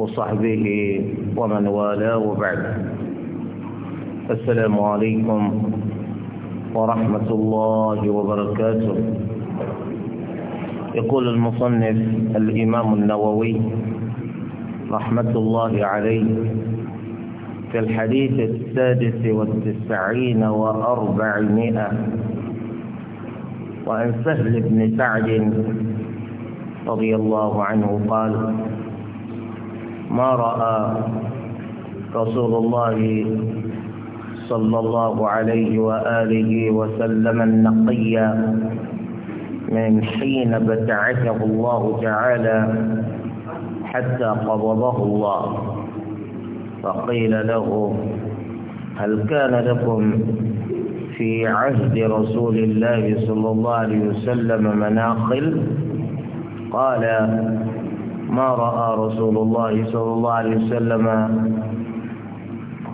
وصحبه ومن والاه وبعد السلام عليكم ورحمة الله وبركاته يقول المصنف الإمام النووي رحمة الله عليه في الحديث السادس والتسعين وأربعمائة وعن سهل بن سعد رضي الله عنه قال ما رأى رسول الله صلى الله عليه وآله وسلم النقي من حين بتعته الله تعالى حتى قبضه الله فقيل له هل كان لكم في عهد رسول الله صلى الله عليه وسلم مناخل قال ما رأى رسول الله صلى الله عليه وسلم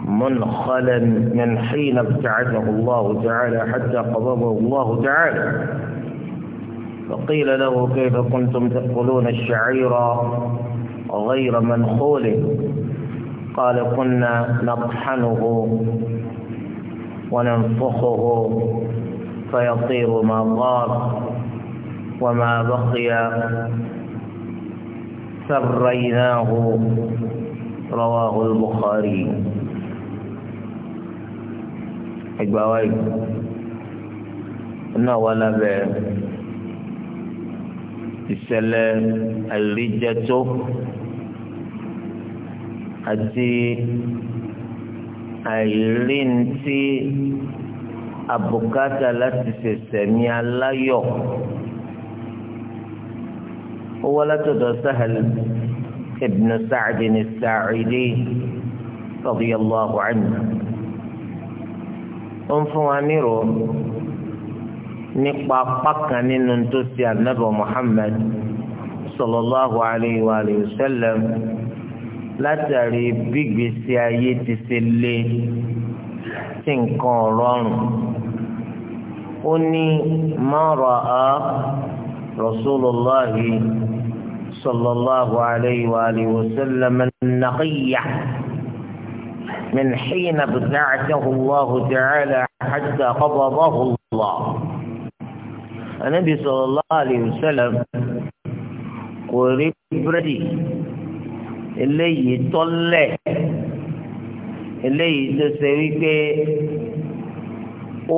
منخلا من حين ابتعثه الله تعالى حتى قبضه الله تعالى فقيل له كيف كنتم تأكلون الشعير غير منخول قال كنا نطحنه وننفخه فيطير ما غار وما بقي سريناه رواه البخاري إجباوي إنه ولا ìṣẹ̀lẹ̀ àìríjẹtó àti àìríntí àbùkátà láti ṣẹ̀ṣẹ̀ ní aláyọ̀. هو لتد سهل ابن سعد الساعدي رضي الله عنه أنفوانيرو nípa apákan nínú tó ti ànábọ̀ Muhammad sallallahu alayhi wa sallam látàrí gbígbèsè ayé ti ṣe lé tí nǹkan ọ̀rọ̀rùn ó ní ma ra'a. رسول الله صلى الله عليه وآله وسلم النقية من حين ابتعثه الله تعالى حتى قبضه الله النبي صلى الله عليه وسلم قريب بردي اللي يطلع اللي tó ṣe wípé ó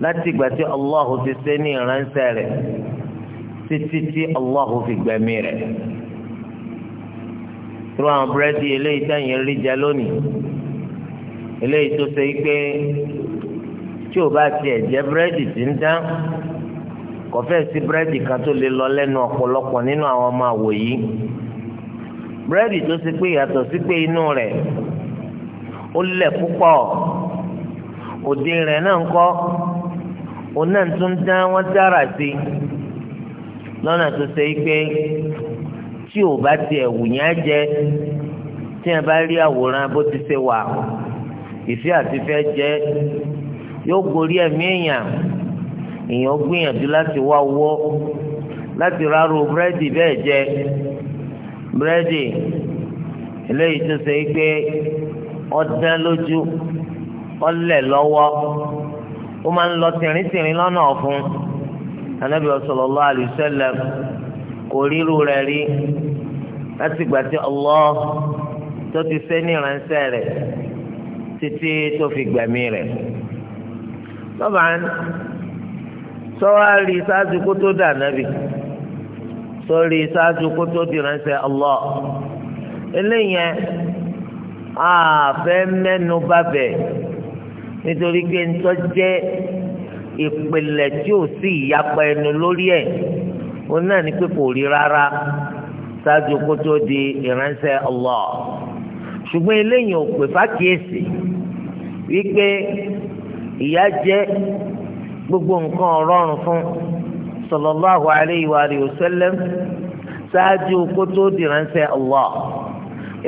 láti ìgbà tí Allahu ti ṣe ní ìránṣẹ́ rẹ̀ títí tí Allahu fi gbẹ̀mí rẹ̀ tó àwọn búrẹ́dì eléyìí sẹ́yìn rí jẹ lónìí eléyìí tó ṣe pé tí o bá tiẹ̀ jẹ búrẹ́dì tí ń dán kò fẹ́ sí búrẹ́dì kan tó lè lọ lẹ́nu ọ̀pọ̀lọpọ̀ nínú àwọn ọmọ àwò yìí búrẹ́dì tó ṣe pé yàtọ̀ sí pé inú rẹ̀ ó lẹ̀ púpọ̀ òde rẹ̀ náà ń kọ́ òun náà tún wọn dára sí lọ́nà tó ṣe pé tí ò bá tiẹ̀ wù yẹn jẹ tí ẹ bá rí àwòrán bó ti ṣe wà ìfẹ́ àti fẹ́ jẹ yóò gorí ẹ̀mí èèyàn èèyàn gbìyànjú láti wá owó láti rárò búrẹ́dì bẹ́ẹ̀ jẹ búrẹ́dì eléyìí tó ṣe pé ọdán lójú ọlẹ̀ lọ́wọ́ ó máa ń lọ tìrìntìrìn lọ́nà ọ̀fun anabi sallallahu alayhi wa sallam kò ríru rẹ̀ rí láti gbà tí Allah tó ti ṣe ní ìránṣẹ́ rẹ̀ títí tó fi gbẹ̀mí rẹ̀ lọ́ba sọ́wárì ṣáájú kó tó dà nábì sọ́rí ṣáájú kó tó di ìránṣẹ́ Allah eléyẹn àfẹ́ mẹ́nu bá nítorí pé ńtọ́ jẹ́ ìpìlẹ̀ tí ò sí ìyapa ẹnu lórí ẹ̀ òun náà ní pé kò rí rárá ṣáájú kó tó di ìránṣẹ́ Allah ṣùgbọ́n eléyìí ò pè fákìyèsí wípé ìyà jẹ́ gbogbo nǹkan ọ̀rọ̀rùn fún sallallahu alayhi wa alihi wa sallam ṣáájú kó tó di ìránṣẹ́ Allah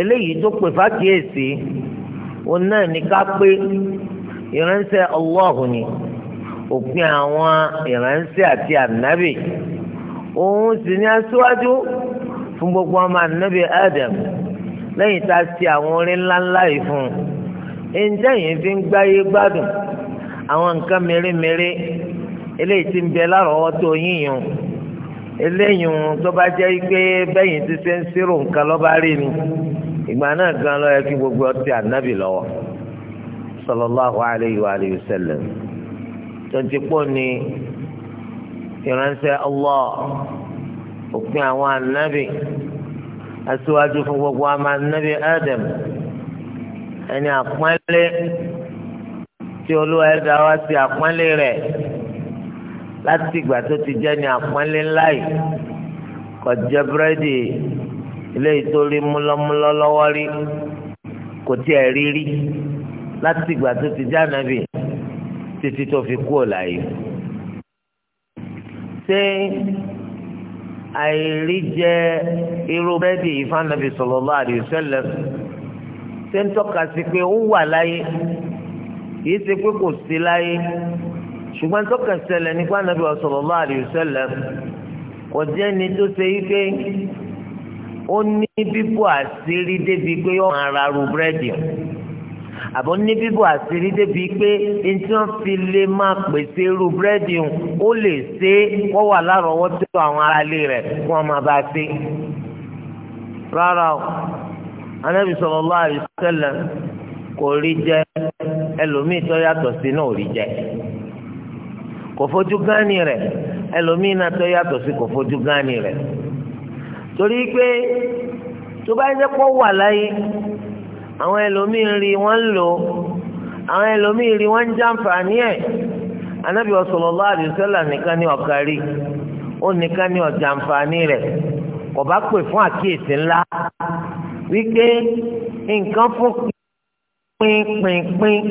eléyìí tó pè fákìyèsí òun náà ní ká pé ìránṣẹ́ ọlọ́ọ̀hún ni òpin àwọn ìránṣẹ́ àti ànábì òun sì ní aṣíwájú fún gbogbo ọmọ ànábì Adam lẹ́yìn tá a ṣe àwọn orin ńláńlá yìí fún un ǹjẹ́ yìí fi ń gbáyé gbádùn àwọn nǹkan mèremère eléyìí ti ń bẹ lárọ̀ọ́wọ́tó yíyan eléyìí tó bá jẹ́ pé bẹ́yìn ti ṣe ń ṣírò nǹkan lọ́ba rí ni ìgbà náà gan ló kí gbogbo ọtí ànábì lọ́wọ́ sallallahu alayhi wa alihi wa sallam tonti kpó ni ìránṣẹ́ Allah òpin àwọn anabi aṣíwájú fún gbogbo àwọn anabi Adam ẹni àpọ́nlé tí olúwa ẹ̀dá wa ti àpọ́nlé rẹ̀ láti ìgbà tó ti jẹ́ ni àpọ́nlé ńlá yìí kò jẹ búrẹ́dì ilé ìtòrí múlọ́múlọ́ lọ́wọ́ rí kò tiẹ̀ rí rí láti ìgbà tó ti já nàbì títí tó fi kú ọ̀láyé. ṣé àìrí jẹ irú búrẹ́dì yìí fánàbì sallallahu alaihi wasallam ṣé ń tọ́ka sí pé ó wà láyé kìí ṣe pé kò sí láyé ṣùgbọ́n tọ́ka ṣẹlẹ̀ ní fánàbì sallallahu alaihi wasallam kò jẹ́ ni tó ṣe yí pé ó ní bíbọ̀ àṣírí débi pé yóò máa ra ru búrẹ́dì àbọ̀ ní bíbọ̀ àṣírí débi pé ntí wọ́n fi lè máa pèsè irú búrẹ́dì ó lè ṣe wọ́n wà lárọ̀ọ́wọ́tó àwọn aráalé rẹ̀ kí wọ́n máa bá a ṣe. rárá o anábì sallallahu alaihi wasallam kò rí jẹ ẹlòmíì tó yàtọ̀ sí náà ò rí jẹ kò fojú gánni rẹ̀ ẹlòmíì náà tó yàtọ̀ sí kò fojú gánni rẹ̀ torí pé tó bá yẹ kó wà láyé àwọn ẹlòmíì rí wọ́n ń lò àwọn ẹlòmíì rí wọ́n ń jàǹfààní ẹ̀ anábì sallallahu alaihi wasallam nìkan ní ọ̀kà rí ó nìkan ní ọ̀jàǹfààní rẹ̀ kò bá pè fún àkíyèsí ńlá wípé nǹkan fún pínpínpín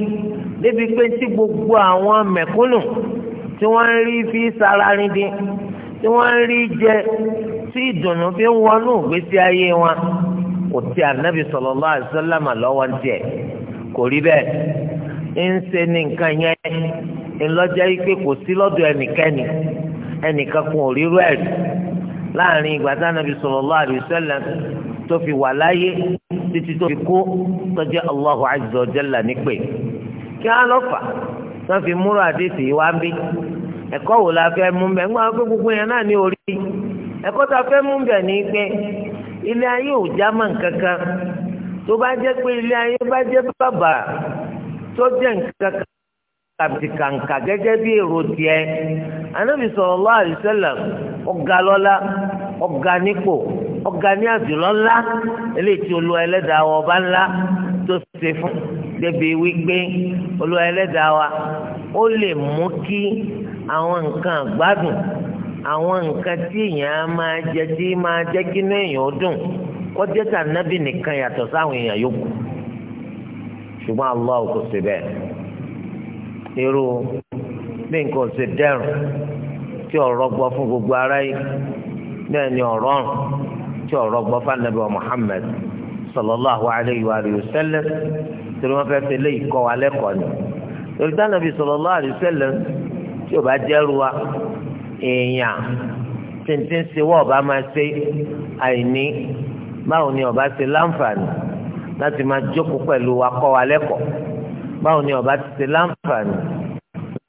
débi pé tí gbogbo àwọn mẹ̀kúnnù tí wọ́n ń rí fi sára rindin tí wọ́n ń rí jẹ tí ìdùnnú fi ń wọnú ìgbésí ayé wọn kò tí anabi sallallahu alaihi wasallam lọ́wọ́ ń tiẹ̀ kò rí bẹ́ẹ̀ ń ṣe ní nǹkan yẹn ńlọ́jà yìí pé kò sí lọ́dọ̀ ẹnikẹ́ni ẹnìkan kan ò rírú ẹ̀ rí láàrin ìgbà tí anabi sallallahu alaihi tó fi wà láyé títí tó fi kú tó jẹ́ Allahu nípè kí á lọ́ fà tó fi múra àdéhìí wá bí ẹ̀kọ́ wò la fẹ́ mú bẹ́ẹ̀ ń gbà pé gbogbo yẹn náà ní orí ẹ̀kọ́ tá a fẹ́ mú bẹ́ẹ̀ ní pé ilé ayé ò já mọ́ nǹkan kan tó bá jẹ́ pé ilé ayé bá jẹ́ bàbà tó jẹ́ nǹkan kan tàbí kàǹkà gẹ́gẹ́ bí èrò tiẹ̀ anábì sallallahu alaihi wasallam ọ̀gá lọ́lá ọ̀gá nípò ọ̀gá ní àjùlọ eléyìí tí olúwa wa ọba ńlá tó ṣe fún débi wípé olúwa ẹlẹ́dàá wa ó lè mú kí àwọn nǹkan àgbádùn àwọn nǹkan tí èèyàn máa jẹ tí máa jẹ́ kí inú èèyàn dùn kó jẹ́ tà nábì nìkan yàtọ̀ sáwọn èèyàn yòókù ṣùgbọ́n Allah kò sí bẹ́ẹ̀ irú bí nǹkan gbogbo ara yìí ni ọ̀rọ̀ ọ̀rùn tí ọ̀rọ̀ gbọ́ fún anabi sallallahu alayhi wa sallam torí wọ́n fẹ́ẹ́ fi lé wa ni alayhi wa sallam tí èèyàn tètè ń ṣe wọ́n ọba máa ṣe àìní báwo ni ọba ṣe láǹfààní láti máa jókòó pẹ̀lú wa kọ́ wa lẹ́kọ̀ọ́ báwo ni ọba ti ṣe láǹfààní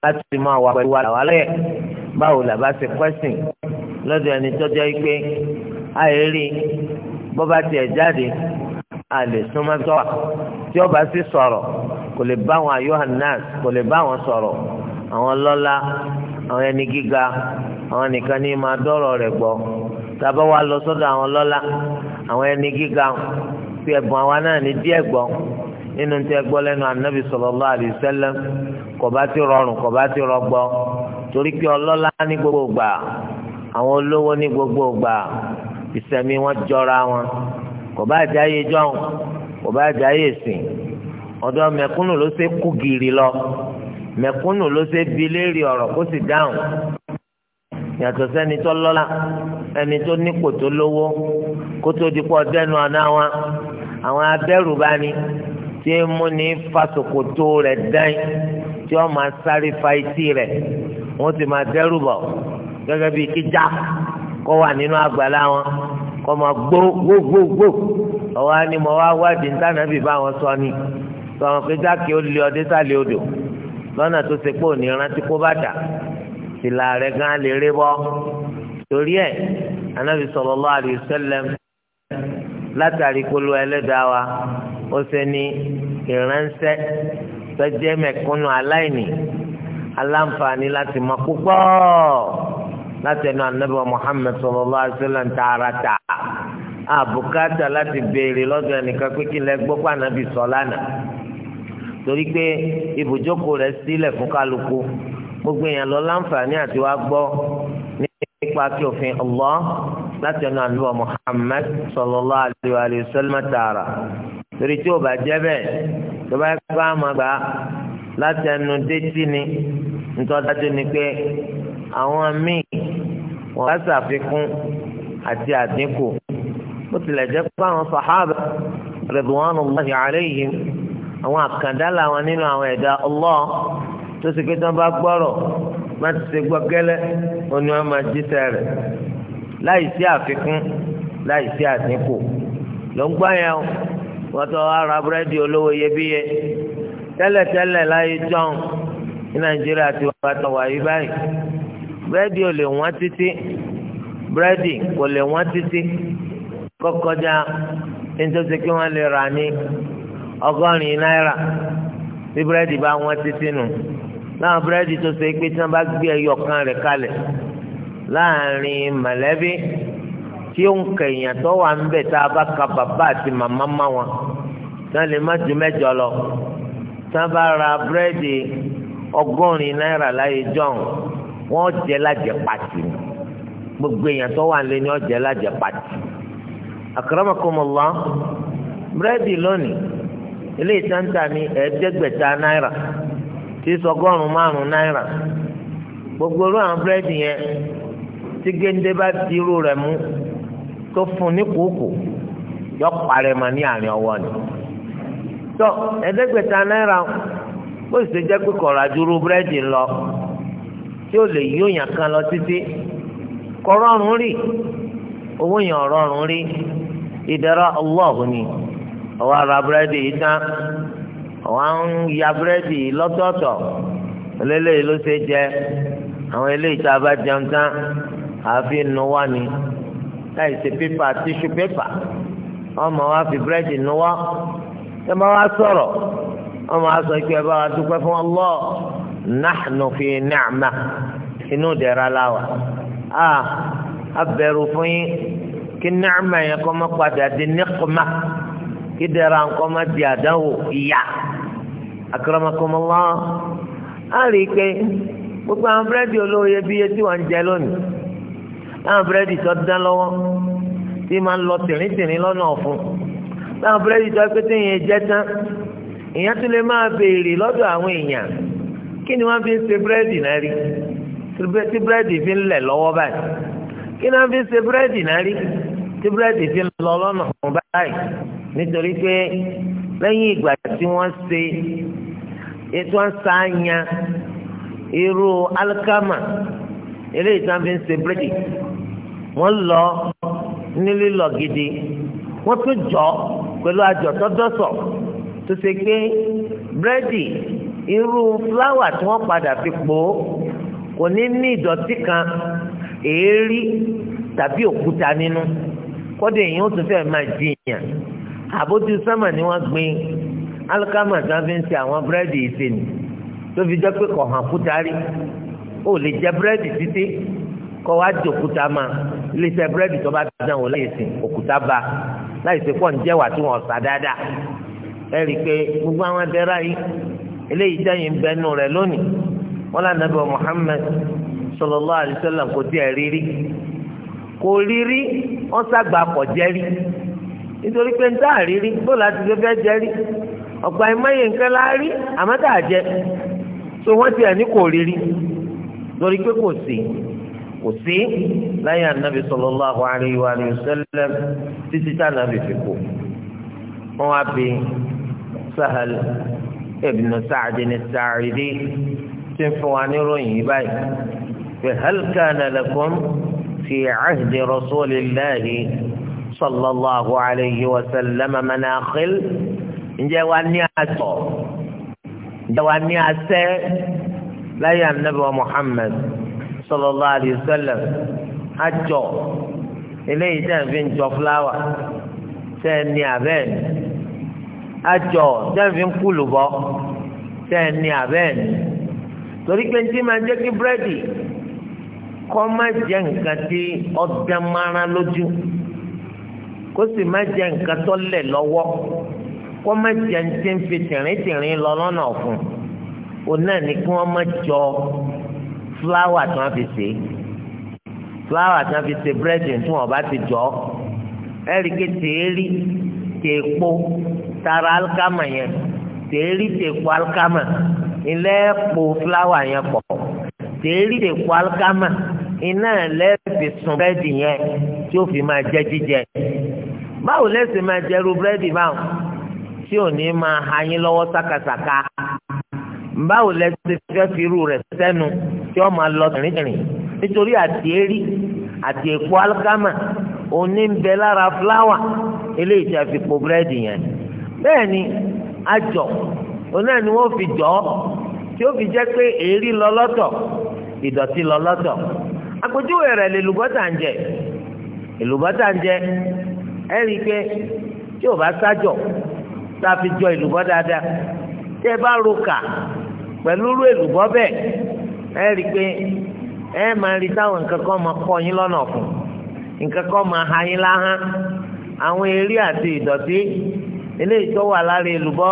láti máa wà pẹ̀lú wa làwa lẹ́yẹ̀ báwo làbá ṣe pẹ́sìn lọ́dọ̀ ẹni tó jẹ́ pé àìrí bọ́ba tiẹ̀ jáde a lè súnmọ́ tọ́wà tí ọba sì sọ̀rọ̀ kò lè bá àwọn kò lè bá sọ̀rọ̀ àwọn lọ́lá àwọn ẹni gíga àwọn nìkan ní máa dọ́rọ̀ rẹ̀ gbọ́ tàbá wa lọ sọ́dọ̀ àwọn lọ́lá àwọn ẹni gíga fi ẹ̀bùn àwa náà ní díẹ̀ gbọ́ nínú tẹ gbọ́ lẹ́nu anabi sallallahu alaihi wasallam kò bá ti rọrùn kò bá ti rọgbọ torí pé ọlọ́lá ní gbogbo gbà àwọn olówó ní gbogbo gbà ìsẹ̀mí wọn jọra wọn kò bá jẹ́ ayé jọ́hún kò bá jẹ́ ayé sìn ọ̀dọ̀ mẹ̀kúnnù ló ṣe kú gìrì lọ mẹ̀kúnnù ló ṣe bi léèrè ọ̀rọ̀ kó sì dáhùn yàtọ̀ sẹ́ni tó lọ́lá ẹni tó nípò tó lówó kó tó di pọ̀ dẹ́nu àná wọn àwọn abẹ́rù bá ní tí ń mú ní fasokoto rẹ̀ dẹ́n tí wọ́n máa sáré fa etí rẹ̀ wọ́n ti máa dẹ́rù bọ̀ gẹ́gẹ́ bíi kíjà kó wà nínú àgbàlá wọn kó máa gbó gbógbógbó ọ̀wá ni mo wá wádìí ní tànàbí bá wọn sọ ni sọ̀rọ̀ pé jákè ó lé ọdẹ sálẹ̀ odò lọ́nà tó ṣe pé òní rántí kó bá dà tìlà rẹ̀ gan lè rí bọ́ torí ẹ̀ anábì sallallahu alaihi wasallam látàrí polówó ẹlẹ́dàá wa ó ṣe ní ìránṣẹ́ tọ́jẹ́ mẹ̀kúnnù aláìní aláǹfààní láti mọ púpọ̀ láti ẹnu anábì wa Muhammad sallallahu alaihi wasallam tààràtà àbùkátà láti béèrè lọ́dọ̀ ẹnìkan pé kí n lẹ gbọ́ pé anábì sọ lánàá torí pé ibùjókòó rẹ̀ sílẹ̀ fún kálukú gbogbo èèyàn lọ láǹfààní àti wá gbọ́ nípa kí òfin Allah láti ọ̀nà àlùbọ̀ Muhammad sallallahu alaihi wa sallam tààrà torí tí ò bá jẹ́ bẹ́ẹ̀ tó bá gbá àmàgbà láti ẹnu détí ni ntọ́dájú ni pé àwọn míì wọ́n bá ṣàfikún àti àdínkù bó tilẹ̀ jẹ́ pé àwọn sàhábà radwanullahi alaihim. àwọn àkàndá làwọn nínú àwọn ẹ̀dá Allah tó sì pé tí wọ́n bá gbọ́rọ̀ má ti ṣe gbọ́ gẹ́lẹ́ máa jíṣẹ́ rẹ̀ láì sí àfikún láì sí àdínkù ló ń gbọ́ yẹn o wọ́n tó ara búrẹ́dì olówó iyebíye tẹ́lẹ̀tẹ́lẹ̀ láyé jọ́hún ní nàìjíríà ti wà báyìí búrẹ́dì ò lè ọgọ́rin náírà tí búrẹ́dì bá wọ́n títí nù láwọn búrẹ́dì tó ṣe pé tí wọ́n bá gbé ẹyọ kan rẹ̀ kalẹ̀ láàrin mọ̀lẹ́bí tí ó ń kẹ èèyàn tó wà ń bẹ̀ tá a bá ka bàbá àti màmá má wọn tí wọ́n lè má ju mẹ́jọ lọ tí wọ́n bá ra búrẹ́dì ọgọ́rin náírà láyé jọ́hún wọ́n jẹ́ lájẹ̀ pàtì gbogbo èèyàn tó wà ń lé ní ọ̀jẹ̀ lájẹ̀ pàtì àkàràmọ̀kọ́mọ̀lá búrẹ́dì lónìí. ile tá ń tà ní ẹ̀ẹ́dẹ́gbẹ̀ta náírà tí sọgọ́rùn-ún márùn náírà gbogbo irú àwọn búrẹ́dì yẹn tí géńdé bá ti irú rẹ̀ mú tó fún ní kúkú yọ parẹ́ mọ́ ní àárín ọwọ́ ni tọ́ ẹ̀ẹ́dẹ́gbẹ̀ta náírà ó sì jẹ́ pé búrẹ́dì lọ tí ó lè yóò yàn kan lọ títí kọ̀ọ̀rọ̀rùn rí owó yàn ọ̀rọ̀rùn rí ìdára ọwọ́ ara búrẹ́dì yìí tán ọwọ́ ń ya búrẹ́dì yìí lọ́tọ̀ọ̀tọ̀ eléyìí ló ṣe jẹ àwọn eléyìí tá a bá jẹun tán àfi nu wá ni láì ṣe pépà tíṣù pépà ọmọ wa fi búrẹ́dì nu wá ẹ bá wa sọ̀rọ̀ ọmọ wa sọ pé ẹ bá wa dúpẹ́ fún Allah nahnu fi ni'ma inú dẹ̀ra láwà a abẹ̀rù fún yín kí ni'ma yẹn kọ́ mọ́ padà di niqma kí dẹ́ra nǹkan má di àdánwò ìyá akramakumullah á rí i pé gbogbo àwọn búrẹ́dì olówó iyebíye tí wọ́n ń jẹ lónìí láwọn búrẹ́dì tó dán lọ́wọ́ tí máa ń lọ tìrìntìrìn lọ́nà ọ̀fun láwọn búrẹ́dì tó pété yẹn jẹ́ tán èèyàn tún lè máa béèrè lọ́dọ̀ àwọn èèyàn kí ni wọ́n fi ń ṣe búrẹ́dì náà rí tí búrẹ́dì fi ń lẹ̀ lọ́wọ́ báyìí kí ni wọ́n fi ń ṣe búrẹ́dì náà rí tí búrẹ́dì fi ń lọ lọ́nà ọ̀fun báyìí nítorí pé lẹ́yìn ìgbà tí wọ́n ṣe ètò àṣàyàn irú alikama eléyìí tí wọ́n fi ń ṣe búrẹ́dì wọ́n lọ ní lílọ gidi wọ́n tún jọ pẹ̀lú àjọ tọ́dọ́sọ̀ tó ṣe pé búrẹ́dì irú fúláwà tí wọ́n padà fi pò ó kò ní ní ìdọ̀tí kan èérí tàbí òkúta nínú kọ́dọ̀ èyí ó tún fẹ́ máa jiyàn àbójú sẹ́mà ni wọ́n gbin alikama tí wọ́n fi ń ṣe àwọn búrẹ́dì ìṣe ni tó fi jẹ́ pé kò hàn kúta rí ó lè jẹ búrẹ́dì títí kọ́ wá di òkúta máa lè ṣe búrẹ́dì tó bá dán wò láyé sìn òkúta bá láyé sìn pọ̀ jẹ́ wà tí wọ́n sá dáadáa ẹ rí i pé gbogbo àwọn adẹ́rà yìí eléyìí dẹ́yìn ń bẹnu rẹ̀ lónìí wọ́n lànà bọ̀ Muhammad sallallahu alaihi wasallam kò tiẹ̀ rírí kò rírí wọ́n sàgbà kọ̀ jẹ́rí nítorí pé ń tá àrírí bó láti fẹ́ fẹ́ jẹ rí ọ̀pọ̀ àìmọye nǹkan la rí àmọ́ tá a jẹ so wọ́n ti ẹ̀ ní kò rírí lórí pé kò sí kò sí láyé ànábì sallallahu alaihi wa sallam títí tá ànábì fi kú wọ́n wá bí Sahal ibn Sa'd as-Sa'idi tí ń fún wa ní ròyìn báyìí fa hal kana lakum fi ahdi rasulillahi sallallahu alayhi wa sallam manakhil ǹjẹ́ wa ní àtọ̀ ǹjẹ́ wa ní asẹ́ láyé anabi wa muhammed sallallahu alayhi wa sallam àjọ eléyìí tẹ̀ ń fi ń jọ fúláwà tẹ̀ ní abẹ́ẹ̀ ni àjọ tẹ̀ ń fi ń kúlù bọ́ tẹ̀ ní abẹ́ẹ̀ ni torí pé ntí máa jẹ́ kí búrẹ́dì kọ́ máa jẹ́ nǹkan tí ọ̀dẹ́ mara lójú kó sì má jẹ nǹkan tó lẹ̀ lọ́wọ́ kó má jẹ ti ń fi tìrìntìrìn lọ lọ́nà ọ̀fun òun náà ni kí wọ́n má jọ fúláwà tí wọ́n fi ṣe fúláwà tí wọ́n fi ṣe búrẹ́dì tí wọ́n bá ti jọ ẹ̀rí ké tèérí tèèpo tara alikama yẹn tèérí tèèpo alikama ilẹ̀ po fúláwà yẹn pọ̀ tèérí tèèpo alikama iná lẹ́ẹ̀fì sun búrẹ́dì yẹn tí ó fi máa jẹ́ jíjẹ. báwo lẹ́sìn máa jẹrú búrẹ́dì báwọn tí ò ní máa hayín lọ́wọ́ sákàsàkà báwo lẹ́sìn fẹ́ fi irú rẹ̀ sẹ́nu tí ó máa lọ tìrìntìrìn nítorí àti èrí àti èpo alikama òní ń bẹ lára fúláwà eléyìí tí a fi po búrẹ́dì yẹn bẹ́ẹ̀ ni àjọ òun ni wọ́n fi jọ ọ́ tí ó fi jẹ́ pé èrí lọ lọ́tọ̀ ìdọ̀tí lọ lọ́tọ̀ àpèjúwe rẹ̀ lè lùbọ́tà ń jẹ ìlùbọ́tà ń jẹ ẹ rí i pé tí ò bá sájọ tá a fi jọ èlùbọ́ dáadáa tí ẹ bá roka pẹ̀lú irú èlùbọ́ bẹ́ẹ̀ e pé ẹ máa rí táwọn nǹkan kan máa kọ yín lọ́nà ọ̀fun nǹkan kan máa ha yín láhán àwọn eré àti ìdọ̀tí eléyìí tó wà lára èlùbọ́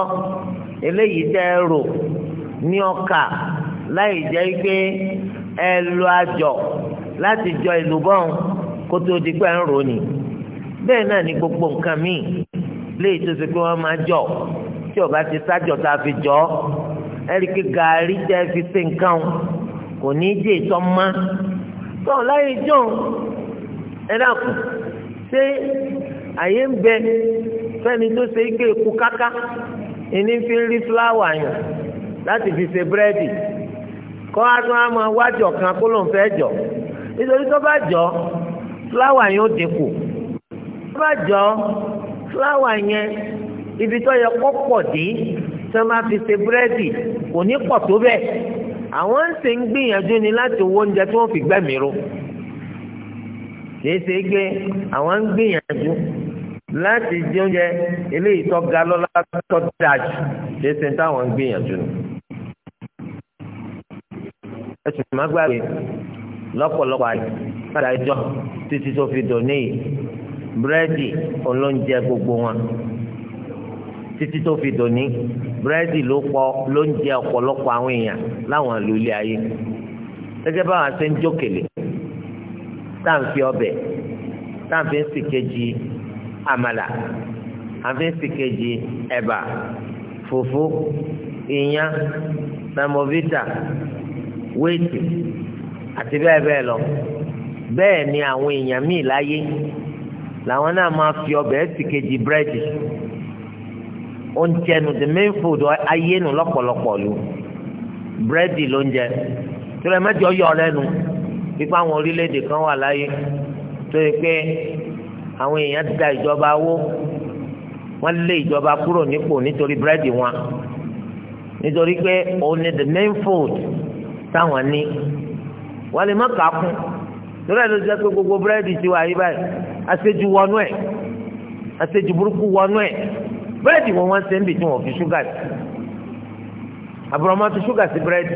eléyìí tẹ́ ẹ rò ní ọkà láì jẹ́ pé ẹ lo àjọ jọ kó tó di pé ni. bẹ́ẹ̀ náà ni gbogbo nǹkan míì léyìí tó ṣe pé wọ́n máa jọ tí ọba ti sájọ tá a fi jọ ọ́ ẹ̀ríkì gàárì tẹ́ fi ṣe nǹkan o kò ní í jẹ́ ìtọ́ mọ́ tó láyé jọ̀ọ́ ẹ dàkú ṣé àyè ń bẹ fẹ́ni tó ṣe ike èkó káká ìní fi ń rí fúláwà yàn láti fi ṣe búrẹ́dì kọ́ á á máa wájọ kan kó ló ń fẹ́ jọ nítorí tó bá jọ fúláwà yóò dínkù bá jọ fúláwà yẹn ibi tó yẹ kó pọ̀ dé tí wọ́n máa fi ṣe búrẹ́dì kò ní pọ̀ tó bẹ́ẹ̀ àwọn ń ṣe ń gbìyànjú ni láti owó oúnjẹ tí wọ́n fi gbẹ̀mí ro kìí ṣe gbé àwọn ń gbìyànjú láti jẹ oúnjẹ eléyìí tó ga lọ́la tó dáa jù kìí ṣe táwọn ń gbìyànjú ni. ẹsùn ìmọ̀gbàgbé lọ́pọ̀lọpọ̀ àyè padà ìjọ títí tó fi dòní yìí búrẹ́dì olóúnjẹ gbogbo wọn títí tó fi dòní búrẹ́dì ló pọ̀ lóúnjẹ ọ̀pọ̀lọpọ̀ àwọn èèyàn láwọn ìlú ilé ayé gẹ́gẹ́ báwa ṣe ń jókèlè tá à ń fi ọbẹ̀ tá à ń fi ń sì kejì àmàlà à ń fi ń sì kejì ẹ̀bà fùfú iyán samovita wéètì àti bẹ́ẹ̀ bẹ́ẹ̀ lọ bẹ́ẹ̀ ni àwọn èèyàn míì láyé làwọn náà máa fi ọbẹ̀ ẹ̀sì kejì búrẹ́dì oúnjẹ nù the main food ayé nù lọ́pọ̀lọpọ̀ lu búrẹ́dì lóúnjẹ tó lẹ́ mẹ́jọ yọ ọ lẹ́nu ipa àwọn orílẹ̀-èdè kan wà láyé tó yẹ pé àwọn èèyàn da ìjọba wó wọ́n lé ìjọba kúrò nípò nítorí búrẹ́dì wọn nítorí pé òun ni the main food táwọn ní wọ́n lè má kà á kún torí ló jẹ́ pé gbogbo búrẹ́dì ti wà yí báyìí àṣejù wọnú ẹ̀ àṣejù burúkú wọnú ẹ̀ búrẹ́dì wọn wọ́n ṣe ń bì tí wọ́n fi ṣúgà sí àbúrọ̀mọ́ fi ṣúgà sí búrẹ́dì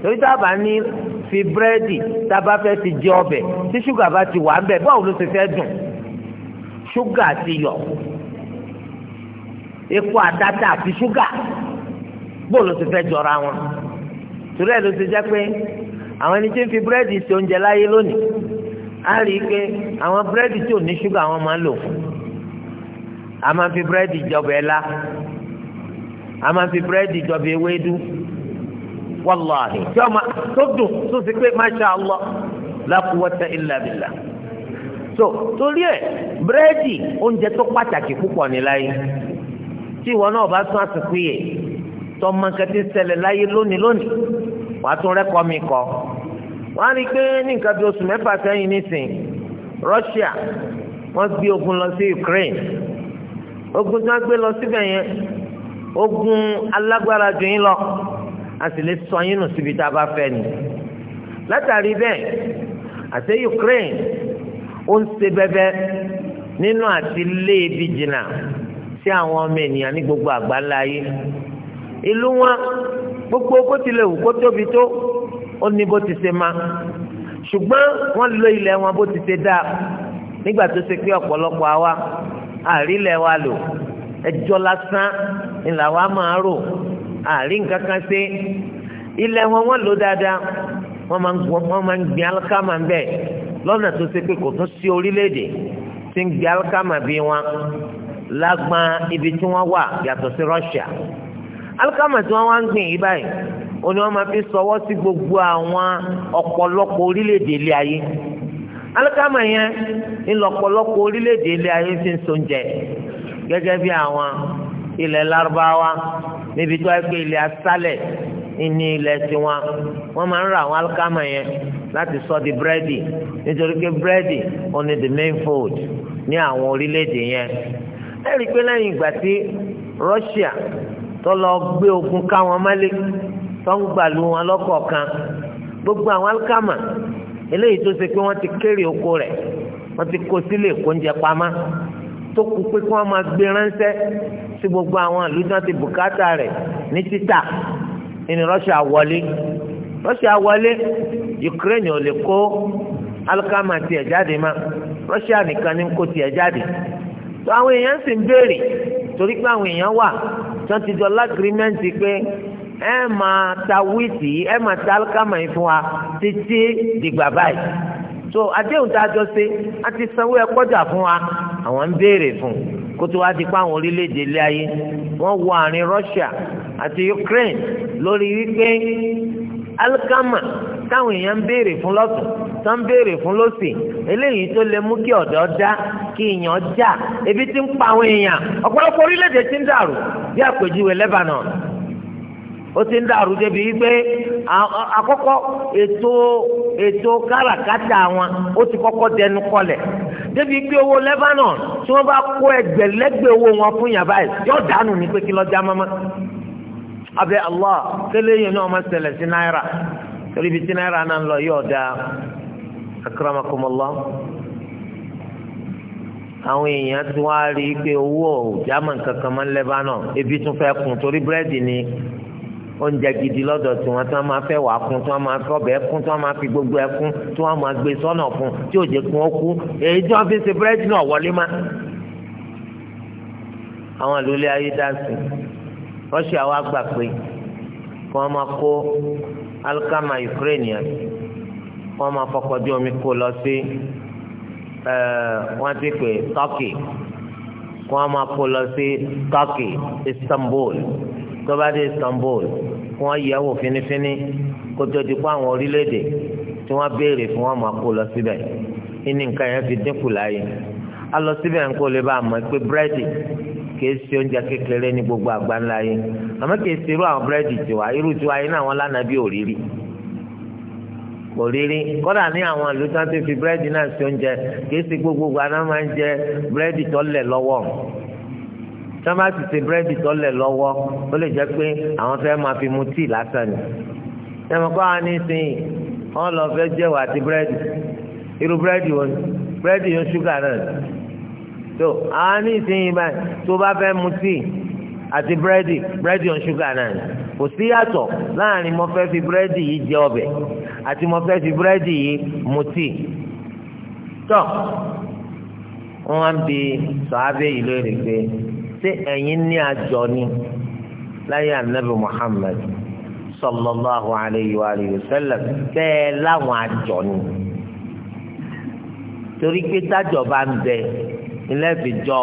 torí dábàá ní fi búrẹ́dì tábà fẹ́ ti jẹ ọbẹ̀ tí ṣúgà bá ti wà ń bẹ̀ báwo ló ṣe fẹ́ dùn ṣúgà ti yọ epo àtàtà àti ṣúgà báwo ló ṣe fẹ́ jọra wọn torí ẹ̀ ló ṣe jẹ́ pé àwọn ẹni tí ń fi búrẹ́dì ṣe oúnjẹ láyé lónìí a rí i pé àwọn búrẹ́dì tí ò ní ṣúgà wọn máa ń lò a máa fi búrẹ́dì jọba ẹ̀la a máa fi búrẹ́dì jọba ewédú wàláhì tí ọmọ tó dùn tó sì pé masha allah la quwwata illa billah so torí ẹ búrẹ́dì oúnjẹ tó pàtàkì púpọ̀ ní láyé tí ìwọ náà bá tún àsìkò yẹ tọmọ kẹtí ṣẹlẹ̀ láyé lónìí lónìí wàá tún rẹ́kọ̀ọ́ mi kọ́ wọ́n á rí i pé ní nǹkan bí oṣù mẹ́fà sẹ́yìn nísìn Russia wọ́n gbé ogun lọ sí Ukraine ogun tí wọ́n gbé lọ síbẹ̀ yẹn ogun alágbára jù yín lọ a sì lè sọ yín nù síbi tá a bá fẹ́ ni látàrí bẹ́ẹ̀ àti Ukraine ó ń ṣe bẹ́bẹ́ nínú àti lé ibi jìnnà sí àwọn ọmọ ènìyàn ní gbogbo àgbáńlá yìí ìlú wọn gbogbo kó tilẹ̀ wù kó tóbi tó ó ní bó ti ṣe ma ṣùgbọ́n wọ́n lo ilẹ̀ wọn bó ti ṣe dáa nígbà tó ṣe pé ọ̀pọ̀lọpọ̀ àwa àrílẹ̀ wa lò ẹjọ́ lásán ni làwa máa rò àrí nǹkan kan ṣe ilẹ̀ wọn wọ́n lò dáadáa wọ́n máa ń gbin alikama ń bẹ̀ lọ́nà tó ṣe pé kò tún sí orílẹ̀-èdè tí ń gbin alikama bí wọn lágbọn ibi tí wọ́n wà yàtọ̀ sí Russia alikama tí wọ́n wá ń gbìn yí báyìí ó ní wọ́n máa fi sọwọ́ sí gbogbo àwọn ọ̀pọ̀lọpọ̀ orílẹ̀-èdè ilé ayé alikama yẹn ńlọ ọ̀pọ̀lọpọ̀ orílẹ̀-èdè ilé ayé ti ń sọ̀njẹ gẹ́gẹ́ bí àwọn ilẹ̀ Lárúbáwá níbi tó ẹgbẹ́ ilẹ̀ asálẹ̀ ní ilẹ̀ tiwọn wọ́n máa ń ra àwọn alikama yẹn láti sọ di búrẹ́dì nítorí pé búrẹ́dì òun ni the main food ní àwọn orílẹ̀-èdè yẹn ẹ rí i pé lẹ́yìn ìgbà tí Russia tó lọ gbé ogun káwọn mọ́lé tó ń gbàlú wọn gbogbo àwọn alikama eléyìí tó ṣe pé wọ́n ti kéré oko rẹ̀ wọ́n ti kó sílé ìkóúnjẹ pamá tó kú pé kí wọ́n máa gbé ránṣẹ́ sí gbogbo àwọn ìlú tí wọ́n ti bùkátà rẹ̀ ní títà ní Russia wọlé Russia wọlé Ukraine ò lè kó alikama tiẹ̀ jáde má Russia nìkan ní kó tiẹ̀ jáde tó àwọn èèyàn sì ń béèrè torí pé àwọn èèyàn wà tí wọ́n ti jọ lágrímẹ́ǹtì pé ẹ máa ta wíìtì ẹ máa ta alikama yìí fún wa títí dìgbà báyìí so àdéhùn tá a jọ ṣe a ti sanwó ẹ kọjá fún wa àwọn ń béèrè fún kótó wa di pa àwọn orílẹ̀-èdè ilé ayé wọ́n wọ àárín Russia àti Ukraine lórí wípé alikama táwọn èèyàn ń béèrè fún lọ́tún tó ń béèrè fún lọ́sì eléyìí tó lè mú kí ọ̀dọ́ dá kí èèyàn já ebi ti ń pa àwọn èèyàn ọ̀pọ̀lọpọ̀ orílẹ̀-èdè ti ń dàrú bí àpèjúwe Lebanon ó ti ń dàrú débi wípé àkọ́kọ́ ètò ètò káràkátà wọn ó ti kọ́kọ́ dẹnu kọlẹ̀ débi wípé owó Lebanon tí wọ́n bá kó ẹgbẹ̀lẹ́gbẹ̀ owó wọn fún yàrá yìí yóò dànù ní pé kí lọ́ọ́ mọ́mọ́ abẹ Allah kẹlẹ́ yẹn náà máa ṣẹlẹ̀ sí náírà torí ibi tí náírà náà ń lọ yóò dá akramakumullah àwọn èèyàn rí i pé owó ò mọ́ Lebanon ebi tún fẹ́ torí búrẹ́dì ni. oúnjẹ gidi lọ́dọ̀ tí wọ́n tí wọ́n máa fẹ́ wà kún tí wọ́n máa fẹ́ ọbẹ̀ kún tí wọ́n máa fi gbogbo ẹ̀ kún tí wọ́n máa gbé sọ́nà fún tí ò jẹ́ kún ó kú èyí tí wọ́n fi ṣe búrẹ́dì náà wọlé má. àwọn àlùlé ayé dá sí Russia wá gbà pé kí wọ́n máa kó alkama Ukraine yẹn wọ́n máa fọkọjú omi kó lọ sí wọ́n ti pè Turkey kí wọ́n máa kó lọ sí Turkey Istanbul. tó dé Istanbul kí wọ́n finifini kó tó kó àwọn orílẹ̀-èdè tí wọ́n béèrè fún wọn máa kó lọ síbẹ̀ ìní nǹkan yẹn fi dínkù láàyè a lọ síbẹ̀ ń kó lè bá a mọ̀ pé búrẹ́dì kìí gbogbo àgbáńlá àmọ́ kìí ṣe irú àwọn búrẹ́dì tiwa irú tiwa yìí náà wọ́n lánàá bí òrírí òrírí ní àwọn ìlú tí wọ́n ti fi búrẹ́dì náà gbogbo àná máa ń jẹ búrẹ́dì tọ́mátì ṣe búrẹ́dì tọ́lẹ̀ lọ́wọ́ ó lè jẹ́ pé àwọn fẹ́ máa fi mu tíì lásán ni tẹ̀mọ̀kọ́ wa ní sìn yìí wọ́n lọ fẹ́ jẹ́ wà àti búrẹ́dì irú búrẹ́dì wọn búrẹ́dì yóò ṣúgà náà tó àwọn ní sìn yìí báyìí tó bá fẹ́ mu tíì àti búrẹ́dì búrẹ́dì on ṣúgà náà ni kò sí yàtọ̀ láàrin mo fẹ́ fi búrẹ́dì yìí jẹ ọbẹ̀ àti mo fẹ́ fi búrẹ́dì yìí mu tíì tó wọ́n á bi ṣé ẹ̀yin ní àjọ ni láyé anabi muhammed sallallahu alayhi wa sallam bẹ́ẹ̀ láwọn àjọ ni torí pé tájọba ń bẹ ilé fi jọ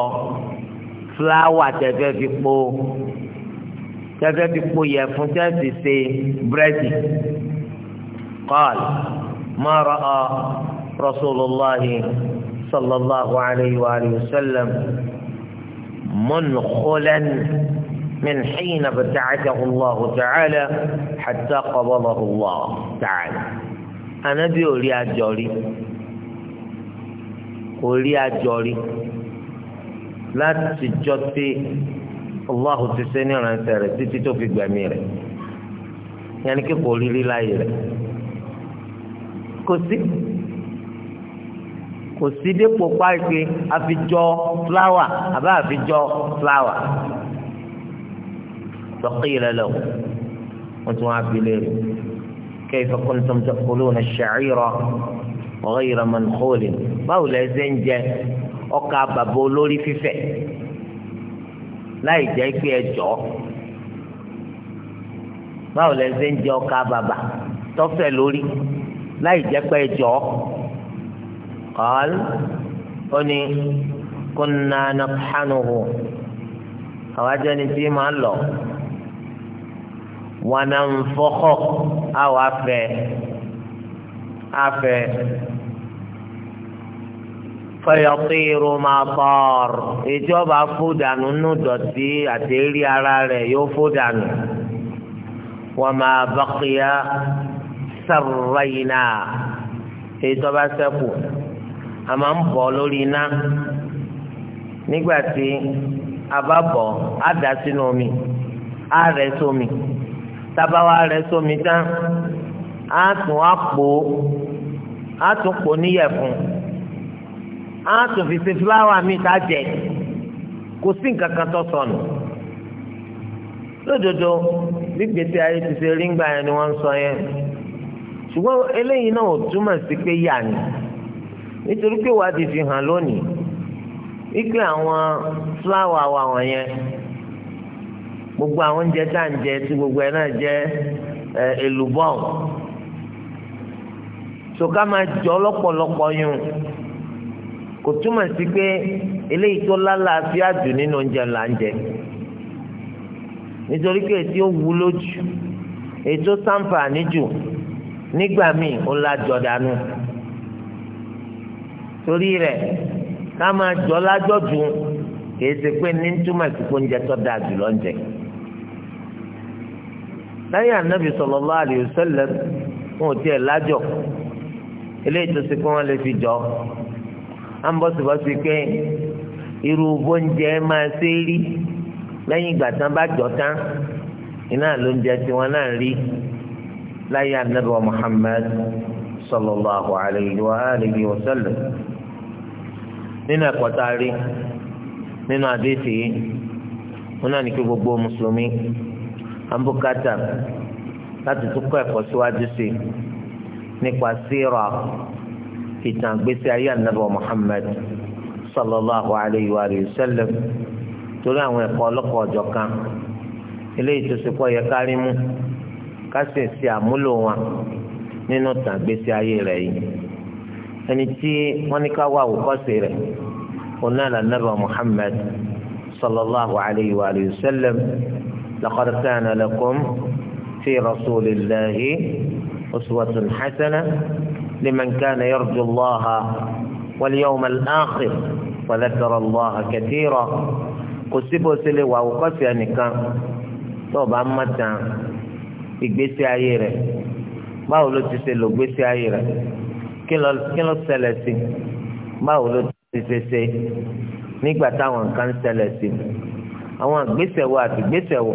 fúláwà tẹfẹ fi po tẹfẹ fi po yẹ fún tẹsí ṣe búrẹ́dì قال ما رأى رسول الله صلى الله عليه وآله وسلم منخلا من حين ابتعثه الله تعالى حتى قبضه الله تعالى أنا بيولي أجوري قولي أجوري لا تجدتي الله تسيني عن سيرة تتتو في جميرة يعني كي قولي لي لا يرى كسي kò sí dépò páìpé àfijọ́ fúláwà àbá àfijọ́ fúláwà فقيل له وتعب ليله كيف كنتم تأكلون الشعير غير منخول مولا زنجة ọkà bàbá olórí fífẹ̀ láì jẹ́ pé ẹ jọ báwo lẹ ṣe ń jẹ ọkà bàbà tọfẹ lórí láì jẹ́ pé ẹ jọ. قال أني كنا نطحنه أواجهني فيما الله وننفخ أو أفه أفه fẹyọtìrù máa tọr ìjọba fò dànù nù dọ̀tí àtẹrí ara rẹ̀ yóò fò wọn máa bàkìyà sàrẹyìnà ìjọba ṣẹ́kù a máa ń bọ̀ lórí iná nígbà tí a bá bọ̀ á dà sínú omi á rẹ̀ sómi tábà wá rẹ̀ sómi tán á tún á pò á tún pò níyẹ̀fun á tún fi ṣe fúláwà mi ká jẹ kò sí nǹkan kan tó sọnù lódodo gbígbèsè ayé ti ṣe rí ńgbà yẹn ni wọ́n ń sọ yẹn ṣùgbọ́n eléyìí náà ò túmọ̀ sí pé yà ni nítorí pé wàá di fi hàn lónìí wípé àwọn fúláwà wa wọ̀nyẹn gbogbo àwọn oúnjẹ tá à ń jẹ tí gbogbo ẹ náà jẹ èlùbọ́ sọ̀ká máa jọ lọ́pọ̀lọpọ̀ yun kò túmọ̀ sí pé eléyìí tó lálàáfíà jù nínú oúnjẹ là ń jẹ nítorí pé ètí ó wúlò jù ètò ṣàǹfààní jù nígbà míì ó la jọ dànù. torí re ká máa jọ lájọ́jú kìí ṣe pé ní túmọ̀ ìsìnkú oúnjẹ tó dáa jù ń jẹ. láyé ànábì sallallahu alaihi wasallam eléyìí tó ṣe pé lè fi jọ á ń bọ́ sí pé irú oúnjẹ máa ṣe rí lẹ́yìn ìgbà nínú ẹ̀kọ́ tá a rí nínú àdéhìí wọn náà ní kí gbogbo mùsùlùmí ambukata láti tún kọ́ ẹ̀kọ́ síwájú sí nípa síra ìtàn àgbésí ayé ànábì sallallahu alayhi wa sallam torí àwọn ẹ̀kọ́ ọlọ́kọ̀ ọ̀jọ̀ kan eléyìí tó ṣe kọ́ yẹ kárí mú ẹni tí wọ́n ní ká wá àwòkọ́ṣe rẹ̀ onáàlà nàbà muhammed sallallahu alayhi wa alayhi wa sallam laqad kana lakum fi rasulillahi uswatun hasana liman kana yarju allaha wal yawmal akhir wa dhakara allaha katira kò sí síbò sílẹ̀ wà àwòkọ́ṣe ẹnìkan tó o bá ń mọ̀tàn ìgbésí ayé rẹ̀ báwo ló ti ṣe lò gbésí ayé rẹ̀. kí ló kí ló ṣẹlẹ̀ sí báwo ló ti ṣe ṣe nígbà táwọn nǹkan ṣẹlẹ̀ sí àwọn àgbésẹ̀ wo àti ìgbésẹ̀ wo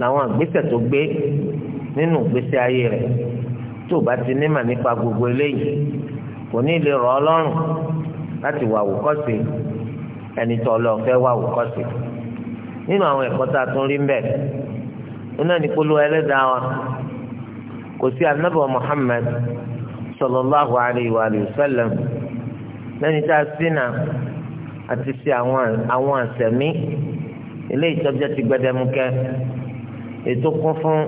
làwọn àgbésẹ̀ tó gbé nínú ìgbésí ayé rẹ̀ tó o bá ti nímà nípa gbogbo eléyìí kò ní lè rọ̀ ọ́ lọ́rùn láti wà wòkọ́sí ẹni tó lọ fẹ́ wà wòkọ́sí nínú àwọn ẹ̀kọ́ tá a tún rí mbẹ́ nínú ẹni polówó ẹlẹ́dàá wa kò sí anábọ̀ Muhammad sallallahu alayhi wa sallam lẹ́ni tá a sínà àti sí àwọn àṣẹmí ilé ìtọ́jú ti gbẹdẹmukẹ ètò kún fún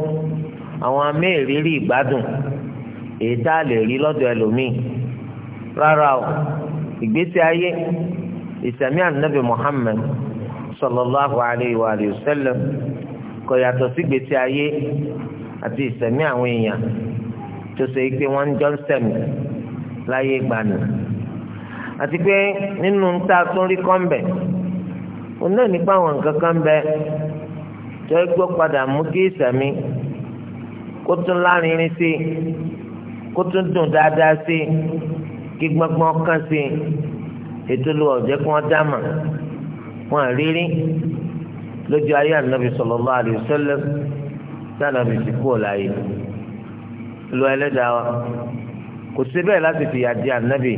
àwọn améèrírí ìgbádùn èyí tá a lè rí lọ́dọ̀ ẹlòmíì rárá o ìgbésí ayé ìsẹ̀mí ànábì Muhammad sallallahu alayhi wa sallam kò yàtọ̀ sí ìgbésí ayé àti ìsẹ̀mí àwọn èèyàn tó ṣe pé wọ́n ń jọ ń sẹ̀mí láyé gbànú àti pé nínú tá a tún rí kọ́ńbẹ̀ òun náà nípa àwọn nǹkan kan bẹ tó ẹ gbọ́ padà mú kí ìsẹ̀mí kó tún lárinrin sí kó tún dùn dáadáa sí kí gbọ́ngbọ́n kàn sí ètò olùwà ọ̀jẹ́ kí wọ́n dá mà wọ́n àrírí lójú ayé ànábì sallallahu alaihi wasallam tí ànábì sì kú lu ẹlẹ́dàá wa kò sí bẹ́ẹ̀ láti fìyà di ànábì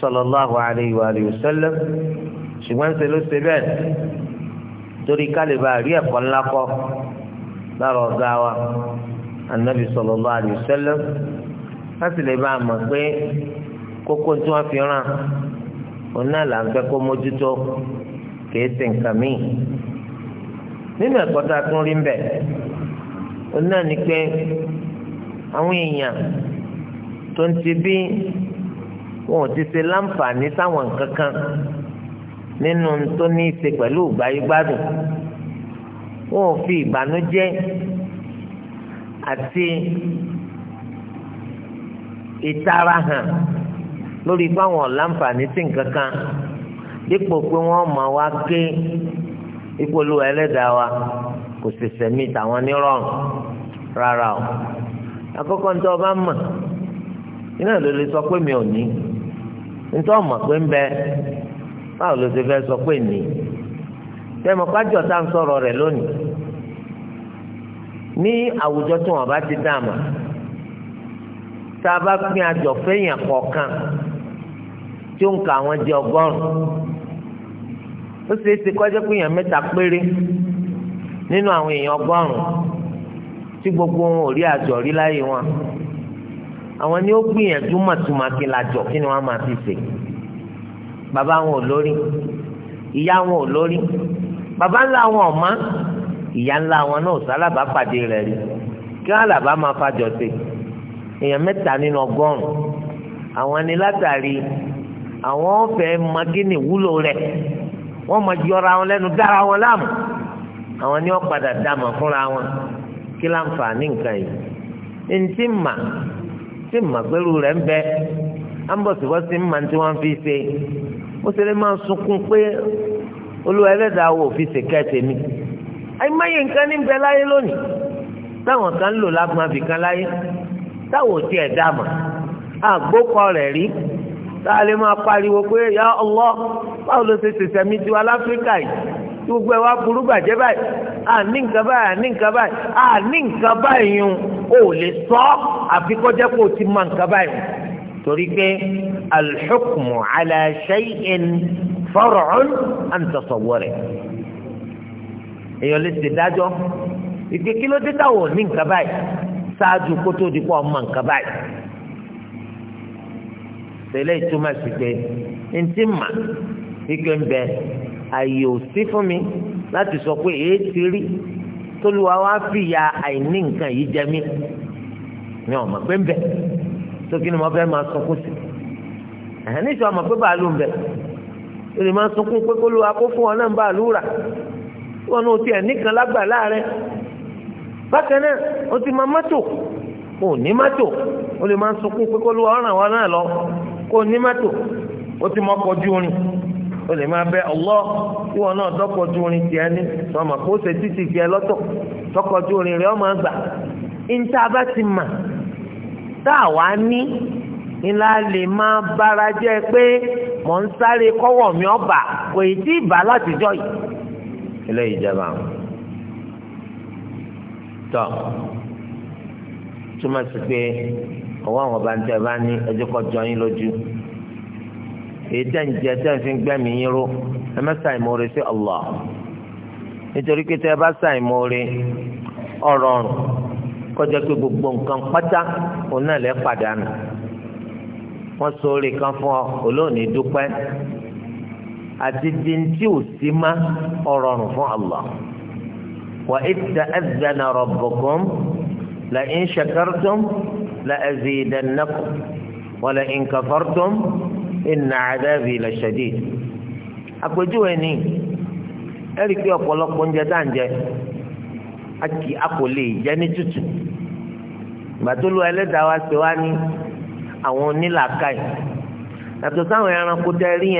sallallahu alayhi wa alihi wa sallam ṣùgbọ́n ṣe ló ṣe bẹ́ẹ̀ torí kálíbà rí ẹ̀kọ́ ńlá kọ́ lára ọ̀gá wa ànábì sallallahu alayhi wa sallam láti lè bá a mọ̀ pé kókó tí wọ́n fi ràn òun náà là ń fẹ́ kó mójútó kìí ṣe nǹkan nínú ẹ̀kọ́ tá a tún rí ń bẹ̀ òun náà ni pé àwọn èèyàn tó ń ti bí wọn ò ti ṣe láǹfààní sáwọn nǹkan kan nínú tó ní í ṣe pẹ̀lú ìgbáyégbádùn wọn ò fi ìbànújẹ́ àti ìtara hàn lórí fáwọn láǹfààní sí nǹkan kan dípò pé wọ́n mọ̀ wá ké ìpolówó ẹlẹ́dàá wa kò sì sẹ̀mí tàwọn nírọ̀rùn rárá o àkọ́kọ́ ní tí ọba mọ̀ iná ló lè sọ pé mi ò ní ní tí ọmọ pé ń bẹ báwo ló ti fẹ́ sọ pé ní tẹmọ kájọ tá à ń sọ̀rọ̀ rẹ̀ lónìí ní àwùjọ tí wọn bá ti dá àmà tá a bá pín àjọ fẹ́yìn kọ̀ọ̀kan tí ó ń ka àwọn jẹ ọgọ́rùn ó ṣeé ṣe kọjá pé èèyàn mẹ́ta péré nínú àwọn èèyàn ọgọ́rùn tí gbogbo wọn ò rí àjọ rí láyé wọn àwọn ni ó gbìyànjú mọ̀túmọ̀kì làjọ kí ni wọ́n máa fi ṣe bàbá wọn ò lórí ìyá wọn ò lórí bàbá ńlá wọn ò mọ ìyá ńlá wọn náà sálábà pàdé rẹ̀ rí kí wọn làbá máa fàjọ sí èèyàn mẹ́ta nínú ọgọ́rùn àwọn ni látàrí àwọn fẹ́ magíní wúlò rẹ̀ wọ́n máa yọra wọn lẹ́nu dára wọn láàmú àwọn ni wọ́n padà dàmọ̀ fúnra wọn kí láǹfààní nǹkan yìí ntí mà tí mà pẹ̀lú rẹ̀ ń bẹ ambọ̀sibọ́sí mà tí wọ́n fi ṣe ó ṣe lè máa sunkún pé olúwa ẹlẹ́dàá wò fi ṣe kẹ́tẹ̀ mi àìmáyé nǹkan ní bẹ láyé lónìí táwọn kan ń lò lágbọ́n abìkan láyé táwọn ò tiẹ̀ dá mà àgbókọ rẹ̀ rí tá lè máa pariwo pé ya Allah báwo ló ṣe ṣẹ̀ṣẹ̀ mi tiwa láfíríkà yìí gbogbo ẹ wá burú bàjẹ́ báyìí àní nǹkan báyìí àní nǹkan báyìí àní nǹkan báyìí yun ò lè sọ àfi kọjá kó o ti mọ nǹkan báyìí torí pé alḥukmu ala shay'in far'un an tasawwari èèyàn lè ṣe dájọ́ ìpè kí ló dé táwọn ò ní nǹkan báyìí ṣáájú kó tó di pọ̀ mọ nǹkan báyìí tẹ́lẹ̀ ìtumọ̀ sí pé ntí mà ike ń bẹ àyè ò sí fún mi láti sọ pé e ti rí tólúwa wá ya àìní nǹkan yìí jẹ ni ọmọ pé ń bẹ sókè ni mo fẹ́ máa sọ kùsì ní ìṣọ́ ọmọ pé bàálù ń bẹ o lè máa sunkún pé kólúwa kó fún ọ náà bàálù rà wọn ò o ti máa mọ́tò o ní mọ́tò o lè máa sunkún pé kólúwa ọ̀ràn wọn náà lọ kó o ní mọ́tò o ti kọjú orin. o lè máa bẹ Allah tí wọn náà tọkọjú orin tiẹ̀ ní sọmọ kó o ṣe títì tiẹ̀ lọ́tọ̀ tọkọjú orin rẹ̀ ọmọ àgbà níta bá ti mà tá a wá ní ńlá lè máa bára jẹ́ pé mò ń sáré kọ́wọ́ mi ọba kò ì tí ì bá látijọ́ yìí. ilé ìjọba àwọn tọ túmọ̀ sí pé ọwọ́ àwọn ọba ń tẹ́ bá ní ẹjọ́ kọjọ yín lójú. ètò ìjẹ tẹ ń fi gbẹmí yín ró ẹ má sàì mọ́re sí Allah nítorí pé tẹ ẹ bá sàì mọ́re ọ̀rọ̀ ọ̀rùn kọjá pé gbogbo nǹkan pátá òun náà lẹ́ pàdánù wọ́n sọ orí kan fún ọ olóòní dúpẹ́ àti dìntì ò sí má ọ̀rọ̀ ọ̀rùn fún Allah wa idda adana rabbukum la in shakartum la azidannakum wa la in inna na la shadid àpèjúwe ni ẹ̀rí pé ọ̀pọ̀lọpọ̀ oúnjẹ tá jẹ a jẹ ní wa ṣe wá Na àwọn sáwọn ẹranko tẹ́ rí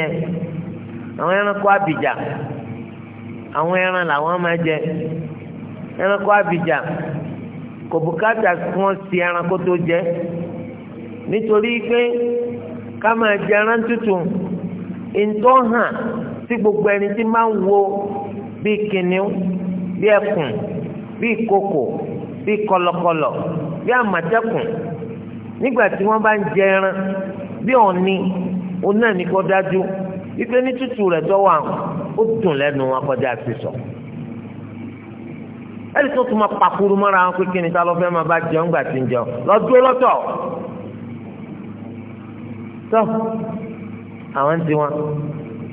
àwọn ẹranko abìjà àwọn ẹranko abìjà kò si tó jẹ nítorí ká máa jẹ ẹran tútù ntọ́ hàn sí gbogbo ẹni tí máa ń wo bíi kìnìún bíi ẹkùn bíi kòkò bíi kọlọkọlọ bíi àmọ̀tẹ́kùn nígbà tí wọ́n bá ń jẹ ẹran bíi ọ̀ni òun náà ní kó dájú wípé ní tútù rẹ̀ dọ́wọ́ àwọn ó dùn lẹ́nu wọn kọjá sísọ. ẹni tó tún máa pàkúrú mọ́ra wọn pé kí ni ta ló fẹ́ máa bá jẹun gbà tí ń jẹun lọ́dún lọ́tọ̀. tó àwọn ti wọn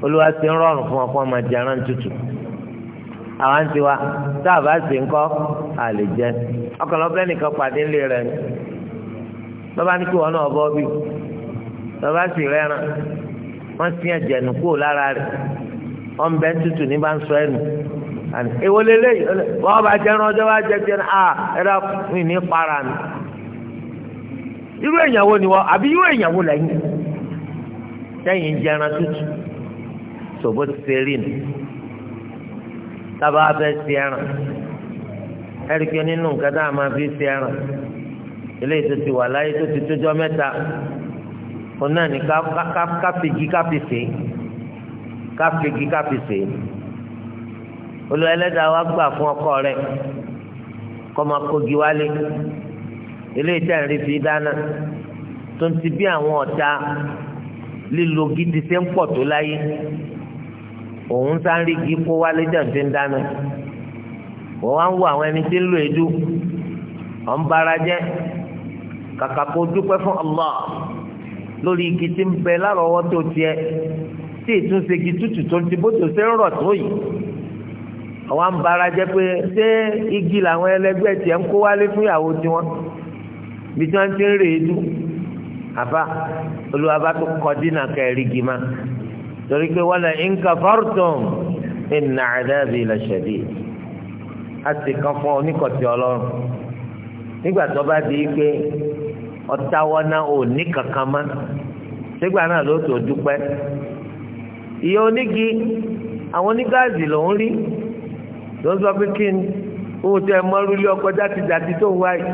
olúwa ti ń rọrùn fún wọn kó wọn ti wa tá a bá ṣe ńkọ́ a lè jẹ pàdé ni bàbá ní kí wọn náà bọ bí bàbá sì rẹran wọn sì ẹ̀jẹ̀ nù kúrò lára rẹ̀ wọn bẹ tútù ní bá ń sọ ẹnu èwo lélẹ̀ wọn bá jẹ ẹran jẹ jẹ ẹ mi ní para mi irú èèyàn ni àbí irú sẹ́yìn jẹran tútù ṣòbó ti ṣe rí nu tábà fẹ́ ṣe ẹran ẹ̀ríkì nínú nǹkan tá a máa fi ṣe ẹran eléyìí tó ti wà láyé tó ti tójọ́ mẹ́ta òun náà ní káfíjì káfíṣe káfíjì káfíṣe olú ẹlẹ́dàá wa gbà fún ọkọ rẹ̀ kọ́mọ kogi wálé eléyìí tẹ̀ ń rí fi dáná tó ń ti bí àwọn ọ̀tá lílo gidi ṣe ń pọ̀ tó láyé òun sáré igi kó wálé jẹun ti ń dáná òun á ń wo àwọn ẹni tí ń lo èédú ọ̀n bara jẹ́ kàkà kó dúpẹ́ fún Allah lórí igi tí ń bẹ lárọ̀ọ́wọ́ tó tiẹ̀ tí ìtúnṣe igi tútù tó ti bó tó ṣe ń rọ̀ tó yìí àwọn ń bara jẹ́ pé ṣé igi làwọn ẹlẹgbẹ́ tiẹ̀ ń kó wálé fún ìyàwó tiwọn bí tí wọ́n ti ń rèé dùn àbá olúwa bá tó kọ dínà kẹrì gímá torí pé wala in kafartum inna adabi la shadid a sì kan fún oníkọ̀tì ọlọ́run nígbà tó bá di pé ọ̀táwọ́ná ò ní kankan mọ́ sígbà náà ló tó dúpẹ́ ìyá onígi àwọn onígáàzì ló rí ló ń sọ pé kí ni owó tẹ mọ́rú lé ọkọ̀ játijáti tó wáyé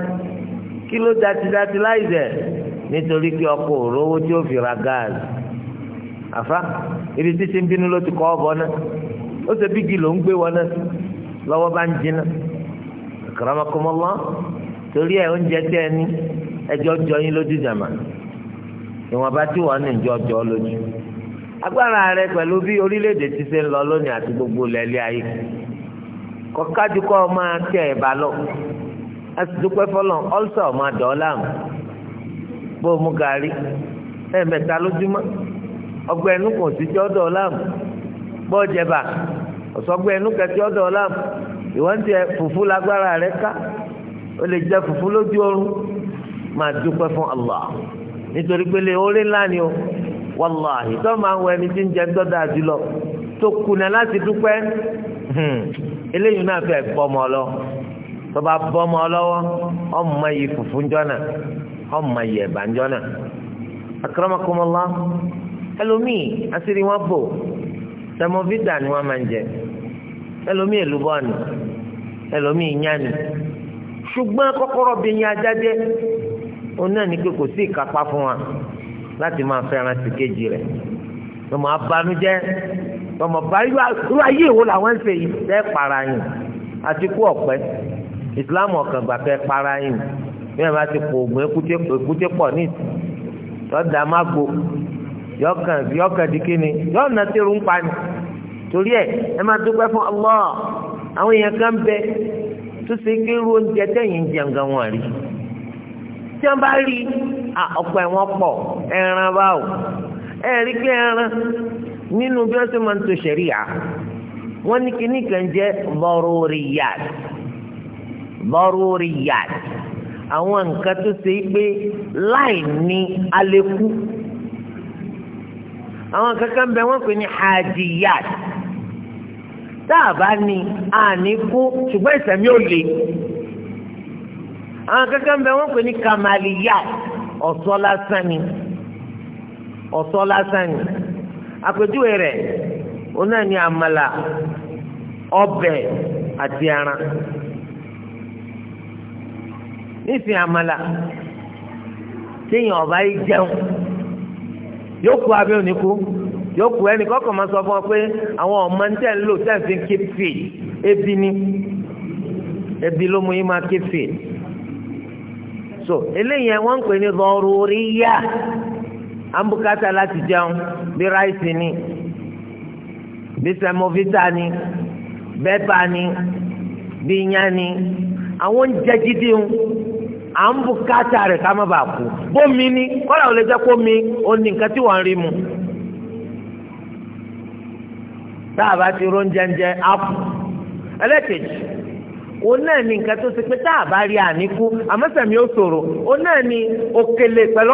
kí ló játijáti láì dẹ̀. nítorí pé ọkọ òrówó tí ó fi ra gáàsì àfa ibi títí ń bínú ló ti kọ́ ọ̀bọ náà ó ṣe bígi ló ń gbé wọn náà lọ́wọ́ bá ń jiná karamakomola torí ẹ oúnjẹ tẹ ẹ ní ẹjọ jọ yín lójú jàmà ìwọ̀nba tí wọ́n ní ìjọ jọ lójú agbára rẹ pẹ̀lú bí orílẹ̀-èdè ti ṣe ń lọ gbogbo lẹ́lẹ́ ayé kọ́ máa tẹ ẹ̀ bá lọ sì dúpẹ́ bó mu gàrí ẹ̀ẹ̀mẹ́ta lójúmọ́ ọgbẹ ẹnu kò sí jọ́ dọ̀ láàmú bó jẹba ọ̀sọ́gbẹ́ ẹnu kẹtí fùfú rẹ ká o lè jẹ fùfú lójú máa fún Allah nítorí pé orí ńlá ni o wàláhì tó máa ń wọ ẹni tí ń jẹ jùlọ tó kùnà láti hmm, eléyìí náà lọ ọmọ yẹ ìbànújọ náà akramakumullah ẹlòmíì àṣírí wọn bò sẹmọvítà ni wọn máa ń jẹ ẹlòmíì èlùbọ́ ni ẹlòmíì iyán ni ṣùgbọ́n kọ́kọ́rọ́ bí yín ajáde òun náà ní pé kò sí ìkápá fún wa láti máa fẹ́ràn sí kejì rẹ̀ ọmọ abanújẹ́ ọmọ báyọ̀ irú ayé ìwò làwọn ń ṣe yìí tẹ́ para yìí àti kú ọ̀pẹ ìsìlámù ọ̀kàngbà fẹ́ para yìí bí wọn bá ti kó oògùn èkúté pọ̀ ní yọ̀dà má gbo yọ̀kàn yọ̀kàn di kíni yọ̀nà tẹ̀rù ń pa ni torí ẹ ẹ máa dúpẹ́ fún Allah àwọn èèyàn kan bẹ tó ṣe kí irú oúnjẹ tẹ̀yìn jẹ̀ǹgà wọn rí tí wọn bá rí ọ̀pọ̀ ẹ̀wọ̀n pọ̀ ẹran báwò ẹ̀rí pé ẹran nínú bí wọ́n ṣe máa ń to ṣẹ̀ríyà wọ́n ní kíní kan jẹ́ bọ́rọ̀rìyàt bọ́rọ̀rìyàt. àwọn nǹkan tó ṣe é pé láì ní alẹ́kú àwọn kankan bẹ wọ́n pè ní hadiyat tá a bá ní àníkú ṣùgbọ́n ìsẹ̀mí ò le àwọn kankan bẹ wọ́n pè ní kamaliyat ọ̀sọ́ lásán ni ọ̀sọ́ lásán ni àpèjúwe rẹ̀ ó náà ní àmàlà ọbẹ̀ àti ẹran. nífi àmàlà téèyàn ọba yìí jẹun yóò kú abẹ́ òní kú yóò kú ẹnì kọ́kọ́ máa sọ fún ọ pé àwọn ọmọ ń tẹ̀ ń lò tẹ̀ fi ń keep fit ebi ni ebi ló mú yín máa keep fit so eléyìí wọ́n ń pè ní dọ̀rùríyà àmbùkátà láti jẹun bí ráìsì ni bí sẹmọvítà ni bẹ́ẹ̀bà ni bí iyán ni àwọn oúnjẹ gidi ń. à ń bùkátà rẹ̀ ká má bàa kú bómi ni kọ́lá ò lè jẹ́ kó mi ó ní nǹkan tí wọ́n ń rí mu. tá a bá ti ró ń jẹ́njẹ́ á kù ẹlẹ́kejì òun náà ni nǹkan tó ti pé tá a bá rí àníkú àmọ́ sẹ̀mí ó ṣòro òun náà ni òkèlè pẹ̀lú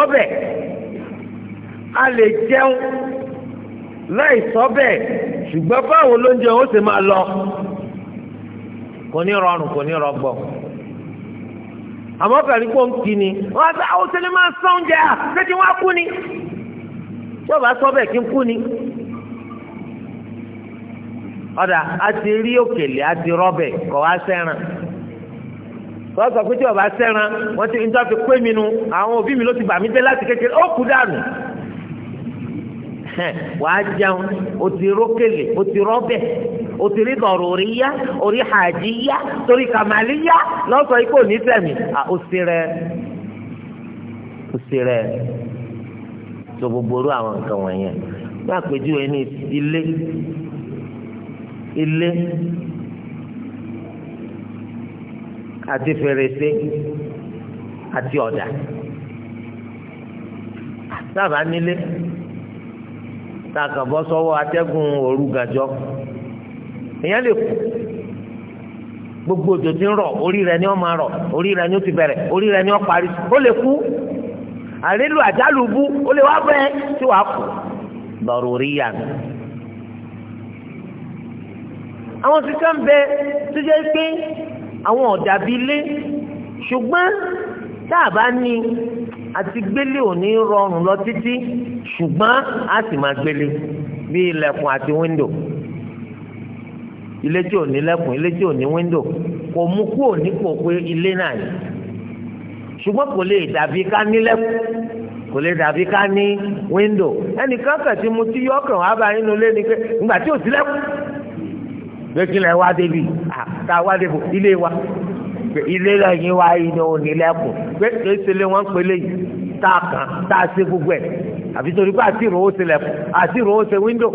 a lè jẹun láì sọ bẹ́ẹ̀ ṣùgbọ́n báwo ló ń jẹun ó sì máa lọ kò ní rọrùn kò ní rọgbọ. àmọ́ kàrí pọ̀ ń kí ni wọ́n á sọ àwọn sẹ́lẹ̀ máa ń sọ oúnjẹ à ṣé kí wọ́n á kú ni tí ọba sọ bẹ́ẹ̀ kí n kú ni. ọ̀dà a ti rí òkèlè a ti rọ́bẹ̀ kọ̀ wá sẹ́ran wọ́n sọ pé tí ọba sẹ́ran wọ́n ti ń tọ́ fi pé mi nu àwọn òbí mi ló ti bà mí dé láti kékeré ó kú dànù. wàá jẹun o ti rókèlè o ti rọ́bẹ̀ o ti rí dọ̀rọ̀ríyá orí hàjíyá torí yá lọ́sọ̀ ikú òní sẹ̀mí à ó sí rẹ ó sí rẹ tó gbogbo orú àwọn nǹkan wọ̀nyẹn ní àpèjúwe ní ilé ilé àti fèrèsé àti ọ̀dà sábà nílé tá a kàn bọ́ sọ́wọ́ atẹ́gùn òru gàjọ́ èèyàn lè kú gbogbo òjò ti ń rọ̀ orí rẹ̀ ni ó máa rọ̀ orí rẹ̀ ni ó ti bẹ̀rẹ̀ orí rẹ̀ ni ó parí ó lè kú àrélu àjálù bú ó lè wá bẹ́ẹ̀ tí wàá kú lọ́rọ̀ orí yà mí. àwọn kíkà ń bẹ tó pé àwọn ọ̀dàbí ilé ṣùgbọ́n tá a bá ní àti gbélé ò ní rọrùn lọ títí ṣùgbọ́n a sì máa gbélé bí ilẹ̀kùn àti wíńdò ilé tí ò ní lẹ́kùn ilé tí ò ní wíńdò kò mú kú ò ní kò pé ilé náà yìí ṣùgbọ́n kò lè dàbí ká ní lẹ́kùn kò lè dàbí ká ní wíńdò ẹnìkan kẹ̀tí mu tí yọkàn wá bá inú ilé ni pé ńgbà tí ò sí lẹ́kùn pé kí lẹ wá débi àtà wá débi ilé wa ilé lẹ́yìn wá yìí ni ò ní lẹ́kùn pé kì í lé wọ́n pélé yìí tá a kàn tá a ṣe gbogbo ẹ̀ àfi torí pé àti ìrò ó ṣe lẹ̀kùn àti ìrò ó ṣe wíńdò.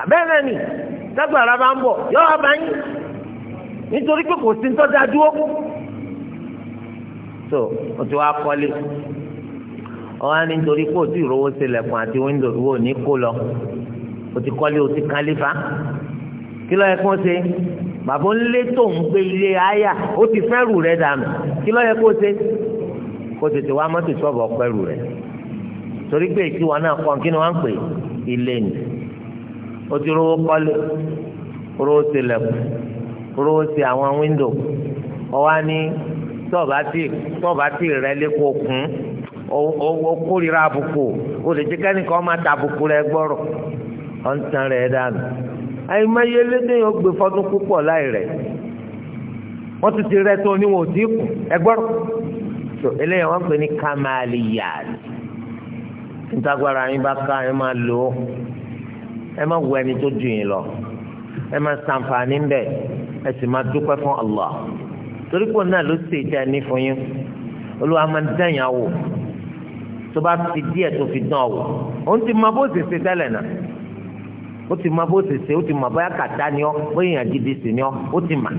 àbẹ́rẹ́ ni dágbàrá bá ń bọ̀ yọ̀ọ́ bá yín nítorí pé kò sí tọ́jà dúró. so o ti wá kọ́lé ọ̀hán ni nítorí pé òtí ìrò ó lẹ̀kùn àti wíńdò wo ní kó lọ o ti kọ́lé o ti kálífà kí lọ́ọ́ yẹ kó ṣe bàbá ń lé tó ń gbé ilé aya ó ti fẹ́rù rẹ̀ dànù kí ló yẹ kó ṣe kó tètè wá mọ́tò sọ́ọ̀bù ọ̀pẹ́rù rẹ̀ torí pé èkí wọn náà kàn kí ni wọ́n ń pè ilé ni ó ti rówó kọ́lé rówó ti lẹ̀kùn rówó ti àwọn wíńdò ọwọ́ ní tọ́ọ̀bá tí tọ́ọ̀bá tí rẹ̀ lé kún ó kórìíra àbùkù ó lè jẹ́ kẹ́nìkan máa ta àbùkù rẹ̀ gbọ́rọ̀ ọ̀ ń tan rẹ̀ dànù àyìnmáyé lédèyàn ó gbé fọdún púpọ̀ láì rẹ̀ wọ́n tún ti rẹ́ tó oníwọ̀n òdì kù ẹgbọ́rọ̀ tó eléyàn wọ́n pè ní kamaliyad ntagbara yín bá ká ẹ máa lò ó ẹ máa wọ ẹni tó dùn yín lọ ẹ máa ṣàǹfààní bẹ ẹ sì máa dúpẹ́ fún Allah torí pò náà ló ṣe ìjà ní fún yín olúwa máa ń dẹ̀yàn wò tó bá fi díẹ̀ tó fi dán wò òun ti máa bó ṣe ṣe tẹ́lẹ̀ náà ó ti mọ bó ṣe ṣe ó ti mọ bóyá kàtá ni ọ bóyá èèyàn gidi sì ni ọ ó ti mà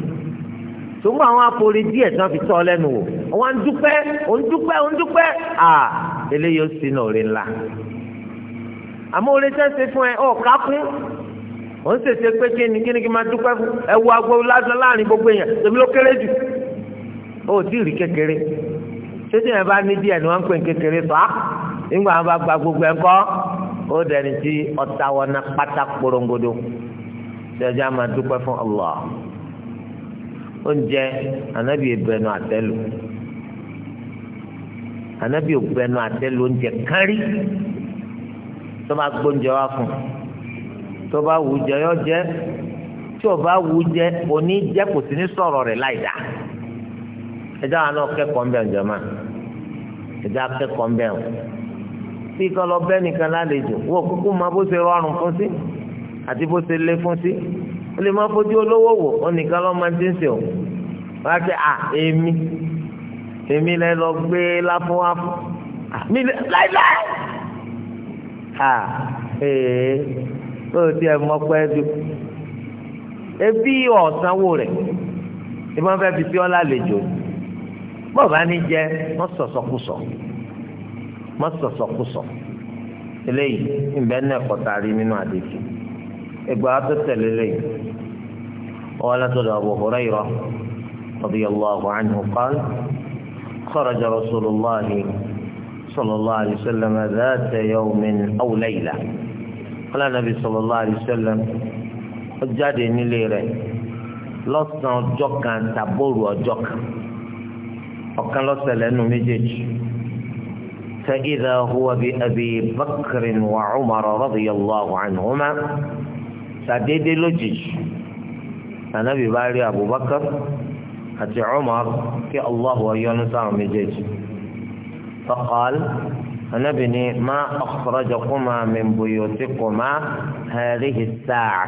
sọgbà àwọn akọrin díẹ̀ tí wọ́n fi tọ́ ọ lẹ́nu wò wọ́n ń dúpẹ́ òun dúpẹ́ òun dúpẹ́ à eléyìí ó sì nà òre ńlá àmọ́ orin tẹ́ ṣe fún ẹ ọ̀ ká fún ó ń pé kí ni kí ni kí máa dúpẹ́ fún ẹ wo agbo lásán láàrin gbogbo èèyàn tèmi ló kéré jù ó tí rí kékeré ṣé tí yẹn bá ní díẹ̀ ni wọ́n ń pè kékeré fà á nígbà wọn bá gba gbogbo ẹ̀ ńkọ́ ó dẹni tí ọ̀tá wọn pátá kporongodo jẹjẹ a máa fún Allah oúnjẹ anabi ìbẹnu àtẹlù anabi ìbẹnu àtẹlù oúnjẹ kárí tó bá gbóúnjẹ wá fún tó bá wù jẹ yọ jẹ tí o bá wù jẹ òní jẹ kò sí ní sọ̀rọ̀ rẹ̀ láì dá ẹjọ́ àwọn akẹ́kọ̀ọ́ ń bẹ̀ máa ń bí kan lọ bẹ́ẹ̀ nìkan lálejò wọ́n kúkú máa bó ṣe rọrùn fún sí àti bó ṣe lé fún sí ó lè máa fojú olówó wò ó nìkan lọ́ máa ti ń sè ó wọ́n á ti à èmi èmi lẹ lọ gbé láfúnwáfún àmì láìláì à ee ó ti ẹ̀ mọ́ pẹ́ dùn ebi ọ̀sánwó rẹ̀ ìmọ̀ fẹ́ fi sí ọ́ lálejò bọ́ọ̀ bá ní jẹ́ wọ́n sọ̀sọ̀kùsọ̀. So, so, má sọ̀sọ̀kùsọ̀ eléyìí ìbẹ́ náà kọta rí nínú àdéhùn ìgbà tó tẹ̀lé lẹ́yìn wọ́n látọ̀dọ̀ Abu Hurairah radiyallahu anhu qala خرج رسول الله صلى الله عليه وسلم ذات يوم أو ليلة قال النبي صلى الله عليه وسلم jáde nílé rẹ̀ lọ́sàn-án ọjọ́ kan tàbóòrù ọjọ́ kan ọ̀kan ló ṣẹlẹ̀ méjèèjì. فإذا هو بأبي بكر وعمر رضي الله عنهما سديد لجج النبي باري أبو بكر أتي عمر كي الله وينسى مجج فقال بني ما أخرجكما من بيوتكما هذه الساعة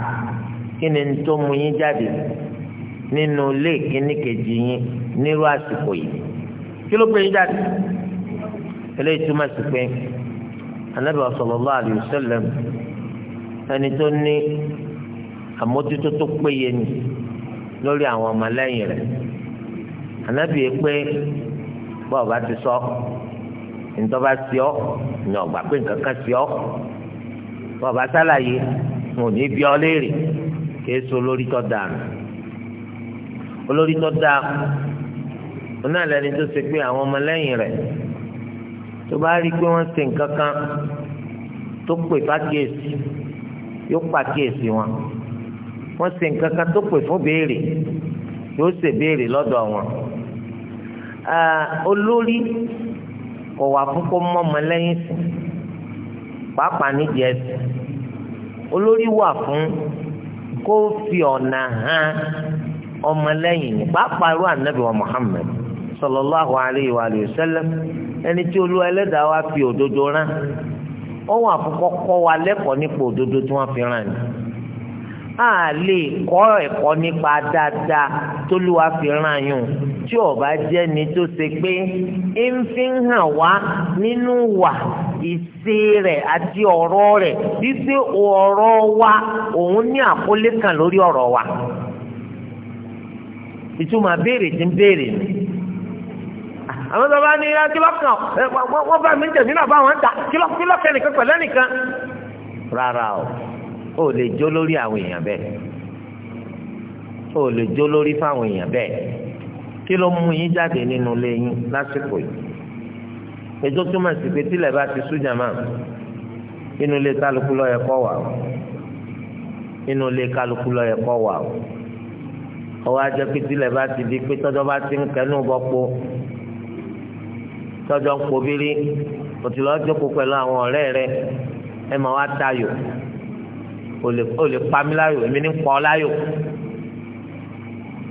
كن انتم يجادي ننو ilé ìkíní kejì yín nírú eléyìí túmọ̀ sí pé anábì sallallahu alayhi wa sallam ẹni tó ní àmójútó tó péye ni lórí àwọn ọmọlẹ́yìn rẹ̀ anábì pé bọ́ọ̀ bá ti sọ ntọ́ba sí ọ ní ọgbà pé nǹkan kan sí ọ bọ́ọ̀ bá sálàyé wọn ò ní bí ọ léèrè kìí so olórí tó dáa olórí tó dáa wọn náà lẹni tó ṣe pé àwọn ọmọlẹ́yìn rẹ̀ tó bá rí i pé wọ́n ṣe nǹkan kan tó pè fákìyèsí yóò pàkíyèsí wọn wọ́n ṣe nǹkan kan tó pè fún béèrè yóò ṣe béèrè lọ́dọ̀ wọn olórí kò wà fún kó mọ́mọ lẹ́yìn sí pàápàá nídìí ẹ̀sìn olórí wà fún kó fi ọ̀nà hàn ọmọlẹ́yìn pàápàá irú ànábì wa Muhammad sallallahu alayhi wa sallam ẹni tí olú ẹlẹ́dàá wa fi òdodo rán ọ̀hún àkọ́kọ́ kọ́ wa lẹ́kọ̀ọ́ nípa òdodo tí wọ́n fi rán ni a lè kọ́ ẹ̀kọ́ nípa dáadáa wá fi rán o! tí ọba jẹ́ ni tó ṣe pé ń fi hàn wá nínú wà ìṣe rẹ̀ àti ọ̀rọ̀ rẹ̀ wípé ọ̀rọ̀ wa òun ní àkólé kan lórí ọ̀rọ̀ wa ìtumọ̀ béèrè ti ń béèrè ni. àwọn tó bá ní kílọ̀kan wọ́n bá mi jẹ̀ mí náà bá wọn ta kílọ̀kan nìkan pẹ̀lẹ́ nìkan rárá o ò lè jó lórí àwọn èèyàn bẹ́ẹ̀ ò lè jó lórí fáwọn èèyàn bẹ́ẹ̀ kí ló mú yín jáde nínú ilé yín lásìkò yìí ètò túmọ̀ sí pé tílẹ̀ bá ti sújà máa inú ilé kálukú ló yẹ wà o inú ilé kálukú ló yẹ wà o ọwọ́ ajẹ́ pé tílẹ̀ bá ti di pé tọ́jọ́ bá ti ń kẹnu bọ́ po tọ́jọ́ ń pobiri òtún lọ́ọ́ jókòó pẹ̀lú àwọn ọ̀rẹ́ rẹ ẹ máa wá tayò ò lè pa mí láyò èmi ní pọ́ láyò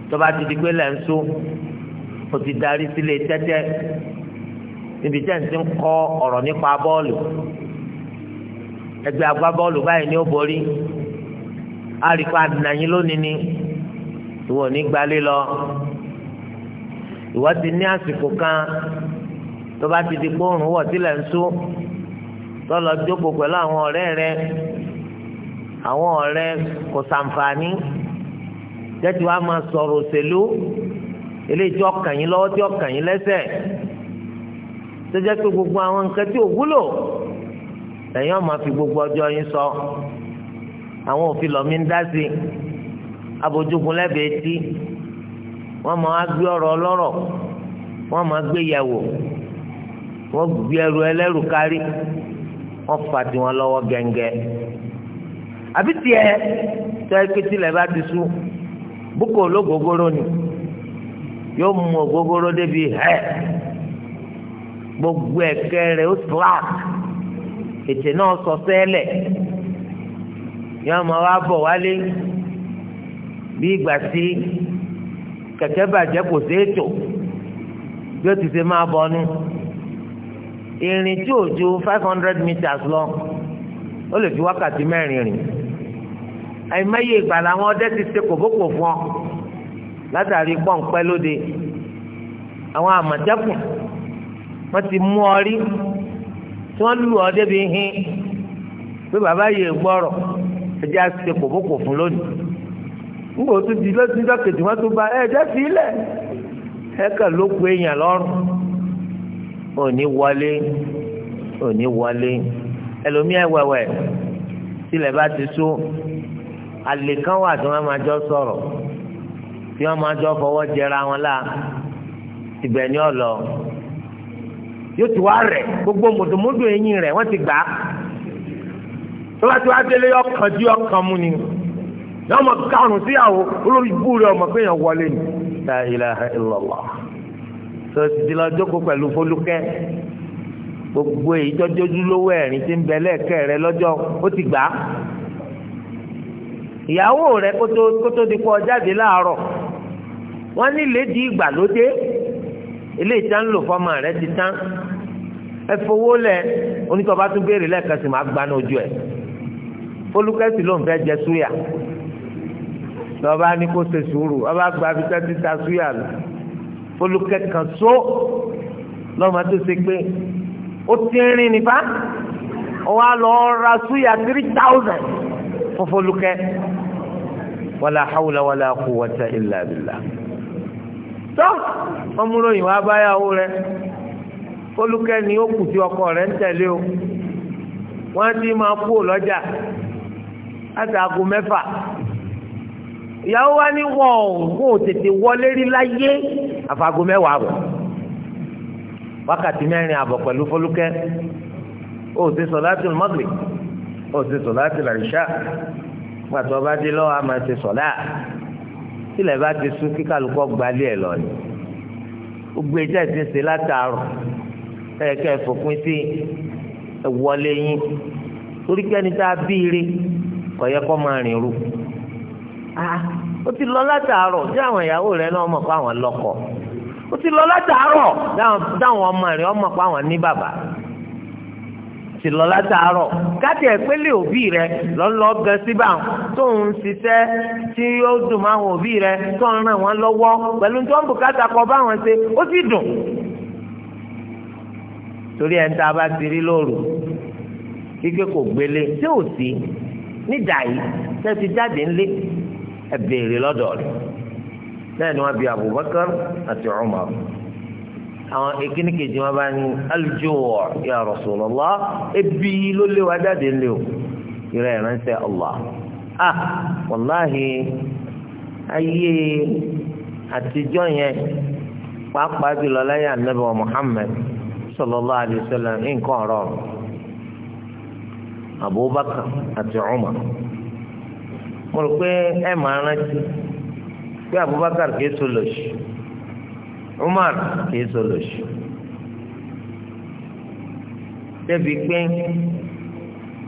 tọ́ba ti di pé lẹ́ ń sún o ti darí sílé tẹ́tẹ́ níbi tẹ́ ń ti ń kọ́ ọ̀rọ̀ nípa bọ́ọ̀lù ẹgbẹ́ agbábọ́ọ̀lù báyìí ni ó borí àríkà nàyín lónìí ni ìwọ ò ní gbalé lọ ìwọ ti ní àsìkò kan tó bá ti di kóòrùn wọ̀ sílẹ̀ ń sú lọ́lọ́ jókòó pẹ̀lú àwọn ọ̀rẹ́ rẹ àwọn ọ̀rẹ́ kò sàǹfààní jẹ́tí wàá máa sọ̀rọ̀ òṣèlú eléyìí tí ọkàn yín lọ́wọ́ tí ọkàn yín lẹ́sẹ̀ tó jẹ́ pé gbogbo àwọn nǹkan tí ò wúlò lẹ́yìn ọ̀ma fi gbogbo ọjọ́ yín sọ àwọn òfin lọ́mí ń dá sí abojúkun lẹ́bẹ̀ẹ́ tí wọ́n máa gbé ọ̀rọ̀ ọlọ́rọ̀ wọ́n máa gbé yẹ̀wò wọ́n gbé ẹrù ẹlẹ́rù kárí wọ́n fà tí wọ́n lọ́wọ́ gẹ́ngẹ́ àbí tiẹ̀ tẹ́ kétí lẹ́ bá ti sú búkọ̀ ológógóró ni yóò mú ògógóró débi hẹ́ gbogbo ẹ̀kẹ́ rẹ̀ ó slack ètè náà sọ sẹ́lẹ̀ yóò máa wá bọ̀ wálé bí ìgbà sí kẹ̀kẹ́ bàjẹ́ kò sí ètò bí ó ti ṣe máa bọ̀ nù ìrìn tí ò ju five hundred meters lọ ó lè fi wákàtí mẹ́rin rìn àìmọye ìgbà làwọn ọdẹ ti ṣe kòbókò fún ọ látàrí pọ́ǹpẹ́ lóde àwọn àmọ̀tẹ́kùn wọ́n ti mú ọ rí tí wọ́n lù ọ débi hin pé bàbá yìí gbọ́rọ̀ ẹjẹ́ àṣìṣe kòbókò fún lónìí nígbà tó di lọ́sídọ́kẹ̀tì wọ́n tó bá ẹ̀ẹ́dẹ́sí ilẹ̀ ẹ̀ẹ́kà ló ku èèyàn lọ́rùn òní wọlé òní wọlé ẹlòmíà wẹ̀wẹ̀ tilẹ̀ bá ti sú àlè kan wà tí wọ́n máa jọ sọ̀rọ̀ tí wọ́n máa jọ fọwọ́ jẹra wọn la ibẹ̀ ni ọ̀ lọ yóò ti wá rẹ̀ gbogbo mùdùmùdù eyín rẹ̀ wọ́n ti gbà á tó bá ti wá délé ọkàn dí ọkàn mú ni yọọ mọ karùn síyàwó olórí búrẹ́ ọmọ pé wọlé ni. La ilaha illallah tó ti di lọ jókòó pẹ̀lú fólúkẹ́ gbogbo èyí tọ́jú ojúlówó ẹ̀rín ti ń bẹ lẹ́ẹ̀kẹ́ rẹ lọ́jọ́ ó ti gbà á ìyàwó rẹ kótó kótó di pọ̀ jáde láàárọ̀ wọ́n ní lédi ìgbàlódé eléyìí tán lò fọ́mọ rẹ ti tán ẹ fowó lẹ onítọ̀ọ́ bá tún béèrè lẹ́ẹ̀kan sì máa gbaná ojú ẹ̀ fólúkẹ́sì ló ń fẹ́ jẹ súyà lọ́ba ní kó ṣe sùúrù ọba gba fi tẹ́tí ta súyà lọ olùkẹ́ kan só lọ́mọ tó ṣe pé ó ti rìn nípa wọ́n á lọ ra súyà three thousand fún folùkẹ́ wàlà hawla wàlà quwwata illa billah tó ọmúròyìn wa báyàwó rẹ folùkẹ́ ni ó kù sí ọkọ rẹ̀ ń tẹ̀lé o wọ́n ti máa kú lọ́jà láti aago mẹ́fà ìyàwó wa ní wọn ò tètè wọlé rí láyé àfàgò mẹ́wàá wọ̀ wákàtí mẹ́rin àbọ̀ pẹ̀lú fọlúkẹ́ ó ti sọ̀láàtì mọ́gìlì ó ti sọ̀láàtì làrìṣà pàtó ọba dé lọ́wọ́ a máa ti sọ̀lá tílẹ̀ bá ti sún kí kálukọ́ gbalẹ̀ ẹ̀ lọ ni gbogbo ẹjẹ́ ti ṣe látàárọ̀ ẹ̀ fòpin sí ẹ̀ torí kẹ́ni tá a bí ire kọ̀ máa rìn rú. Ah, ó ti lọ látàárọ̀ tí àwọn ìyàwó rẹ̀ náà mọ̀ pé àwọn lọ́kọ ó ti lọ látàárọ̀ táwọn ọmọ rẹ̀ ọmọ pé àwọn ní bàbá ti lọ látàárọ̀ káti ẹ̀pẹ́lẹ̀ òbí rẹ lọ́lọ́ gan síbà tó ń ṣiṣẹ́ tí ó dùn máa wọn òbí rẹ tó ń ràn wọ́n lọ́wọ́ pẹ̀lú tó ń bùkátà kọ báwọn ṣe ó sì dùn. torí ẹ̀ ń ta bá ti rí lóru kíkẹ́ kò gbélé tí ò sí nídàá yìí tẹ́ ti jáde ńlé ẹ béèrè lọ́dọ̀ rẹ̀ náà ni wọ́n bi Abubakar àti Umar àwọn ekínní kejì wọn bá ní aljuwa ya Rasulullah ebi ló lé wa jáde lé o ìrẹ ìránṣẹ́ Allah ah wàláhi ayé àtijọ́ yẹn pàápàá jùlọ lẹ́yìn anabi wa Muhammad sallallahu alayhi wa sallam nǹkan ọ̀rọ̀ Abubakar àti Umar. mo rò pé ẹ máa rántí pé Abubakar kìí so Umar kìí so lòṣì débi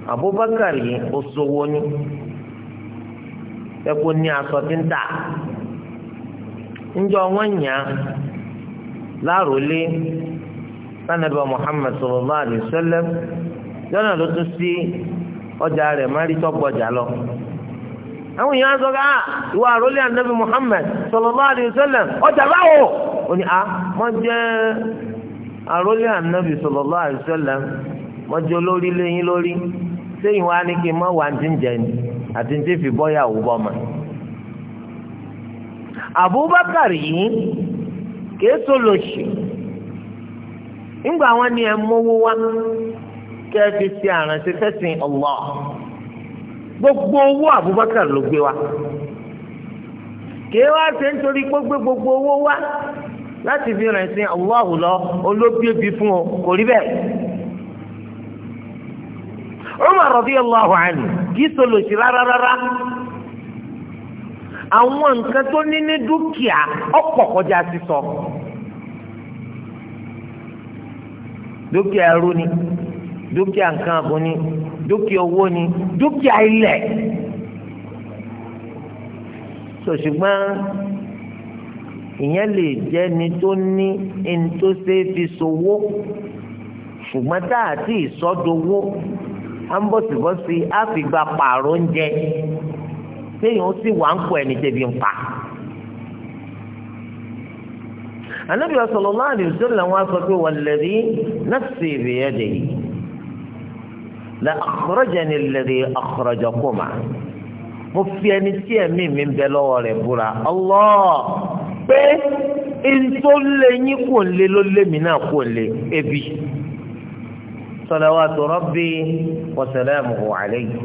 Abubakar yìí ó sowó ní ẹkú ní aṣọ tí ń tà ńjọ wọn yàn láròlé sanaba Muhammad sallallahu alayhi wa sallam ọjà rẹ̀ àwọn èèyàn á sọ ká ah, ìwà àròlé ànábì Muhammad sallallahu alaihi wasallam ọjà báwo ní a ah, mọ jẹ àròlé ànábì sallallahu alaihi wasallam mọ jẹ olórí lórí wa ni kí n má wà ní jẹ àti ní fi bọ́yà Abubakar yìí kìí wọn ni ẹ mówó wá kẹ́ fi ṣe Allah. gbogbo owó Abubakar ló gbé wa kí wá gbogbo gbogbo owó wa láti fi rìn sí Allahu lọ olóbíebi fún ọ kò rí bẹ́ẹ̀. Umar radiyallahu anhu kì í solòsì rárá rárá àwọn nǹkan tó ní ní dúkìá ọ̀pọ̀ kọjá dúkìá nǹkan àgùn ni dúkìá owó ni dúkìá ilẹ̀ so ṣùgbọ́n ìyẹn lè jẹ́ ni tó ní ẹni tó ṣe é fi ṣòwò ṣùgbọ́n tá a ti sọ́dowó à ń bọ̀sibọ́sí á fi gba pààrọ̀ oúnjẹ téèyàn ó sì wà ń kó ẹni tẹ̀bi ń pa. Ànábì sallallahu alaihi wasallam wá sọ pé wal ladhi nafsi biyadihi la akhrajani alladhi akhrajakuma mo fi ẹni tí ẹ̀mí mi ń bẹ lọ́wọ́ rẹ̀ búra Allah pé ntó lé yín kò lé ló lé mi náà kò lé ebi salawatu rabbi wa salamuhu alayhi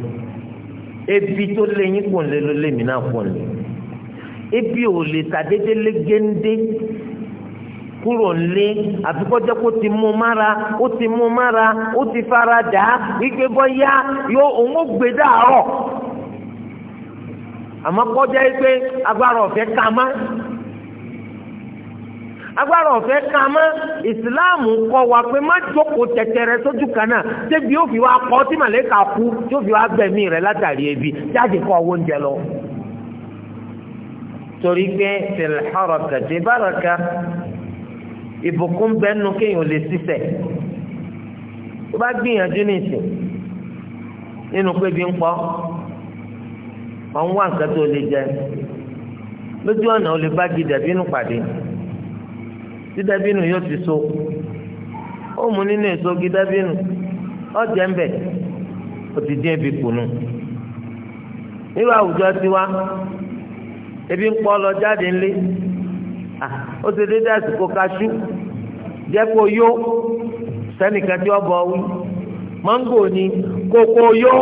ebi tó lé kò lé ló náà kò lé ebi ò lè tàdédé lé géńdé. kúrò nlé àfikọ́jẹ́ kó ti mú mára ó ti mú mára ó ti fara dà á wípé bọ́yá yóò òun ó gbé dàárọ̀ àmọ́ kọjá yìí agbára ọ̀fẹ́ ká má agbára ọ̀fẹ́ ká má ìsìláàmù kọ́ wa pé má jókòó tẹ̀tẹ̀rẹ̀ sójú kan náà débi yóò fi wá kọ́ tí màlẹ́kà kú yóò fi ebi jáde ìbùkún bẹ́nu kéèyàn lè sísẹ̀ tó bá gbìyànjú nìsín nínú pé bí ń pọ́ ọ̀hún wà nǹkan tó lè jẹ lójú ọ̀nà ò lè bá di dàbínú pàdé tí dàbínú yóò ti so ó mú nínú èso gi dàbínú ọ̀jẹ̀ ń bẹ̀ ó ti dín ebi kùnú nírú àwùjọ tiwa ebi ń pọ́ lọ jáde ńlé. Ah, ó ti dédé àsìkò kaṣú jẹ́ kó yó sẹ́nìkan tí ó bọ̀ wí mángò ni kókó yó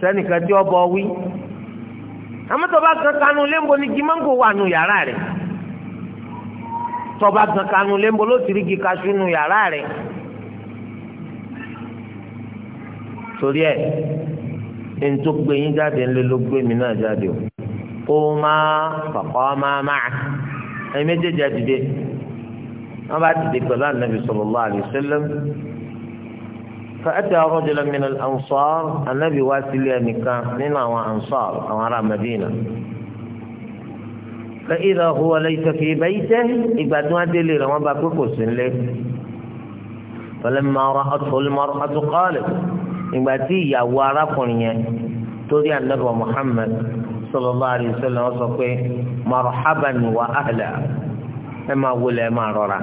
sẹ́nìkan tí ó bọ̀ wí àmọ́ tó bá kan kanu léńbo ni kí mángò wà nù yàrá rẹ̀ tó bá kan kanu léńbo ló ti rí kí kaṣú nù yàrá rẹ̀ torí ẹ̀ ntó gbé jáde ńlẹ́ ló gbé náà jáde o kó má fàkọ́ má má ẹ̀yin méjèèjì á dìde wọ́n bá dìde pẹ̀lú ànábì sallallahu alaihi wasallam fa'ata rajulan min al-ansar ànábì wá sílé ẹnìkan nínú àwọn ansar àwọn ará Madina fa'idha huwa laysa fi baytihi ìgbà tí wọ́n délé rẹ̀ wọ́n bá pé kò sí nílé falamma ra'athu al-mar'atu ìgbà tí ìyàwó arákùnrin yẹn torí ànábì Muhammad sallallahu alaihi wasallam wọ́n sọ pé marhaban wa ahla ẹ máa wọlé ẹ máa rọra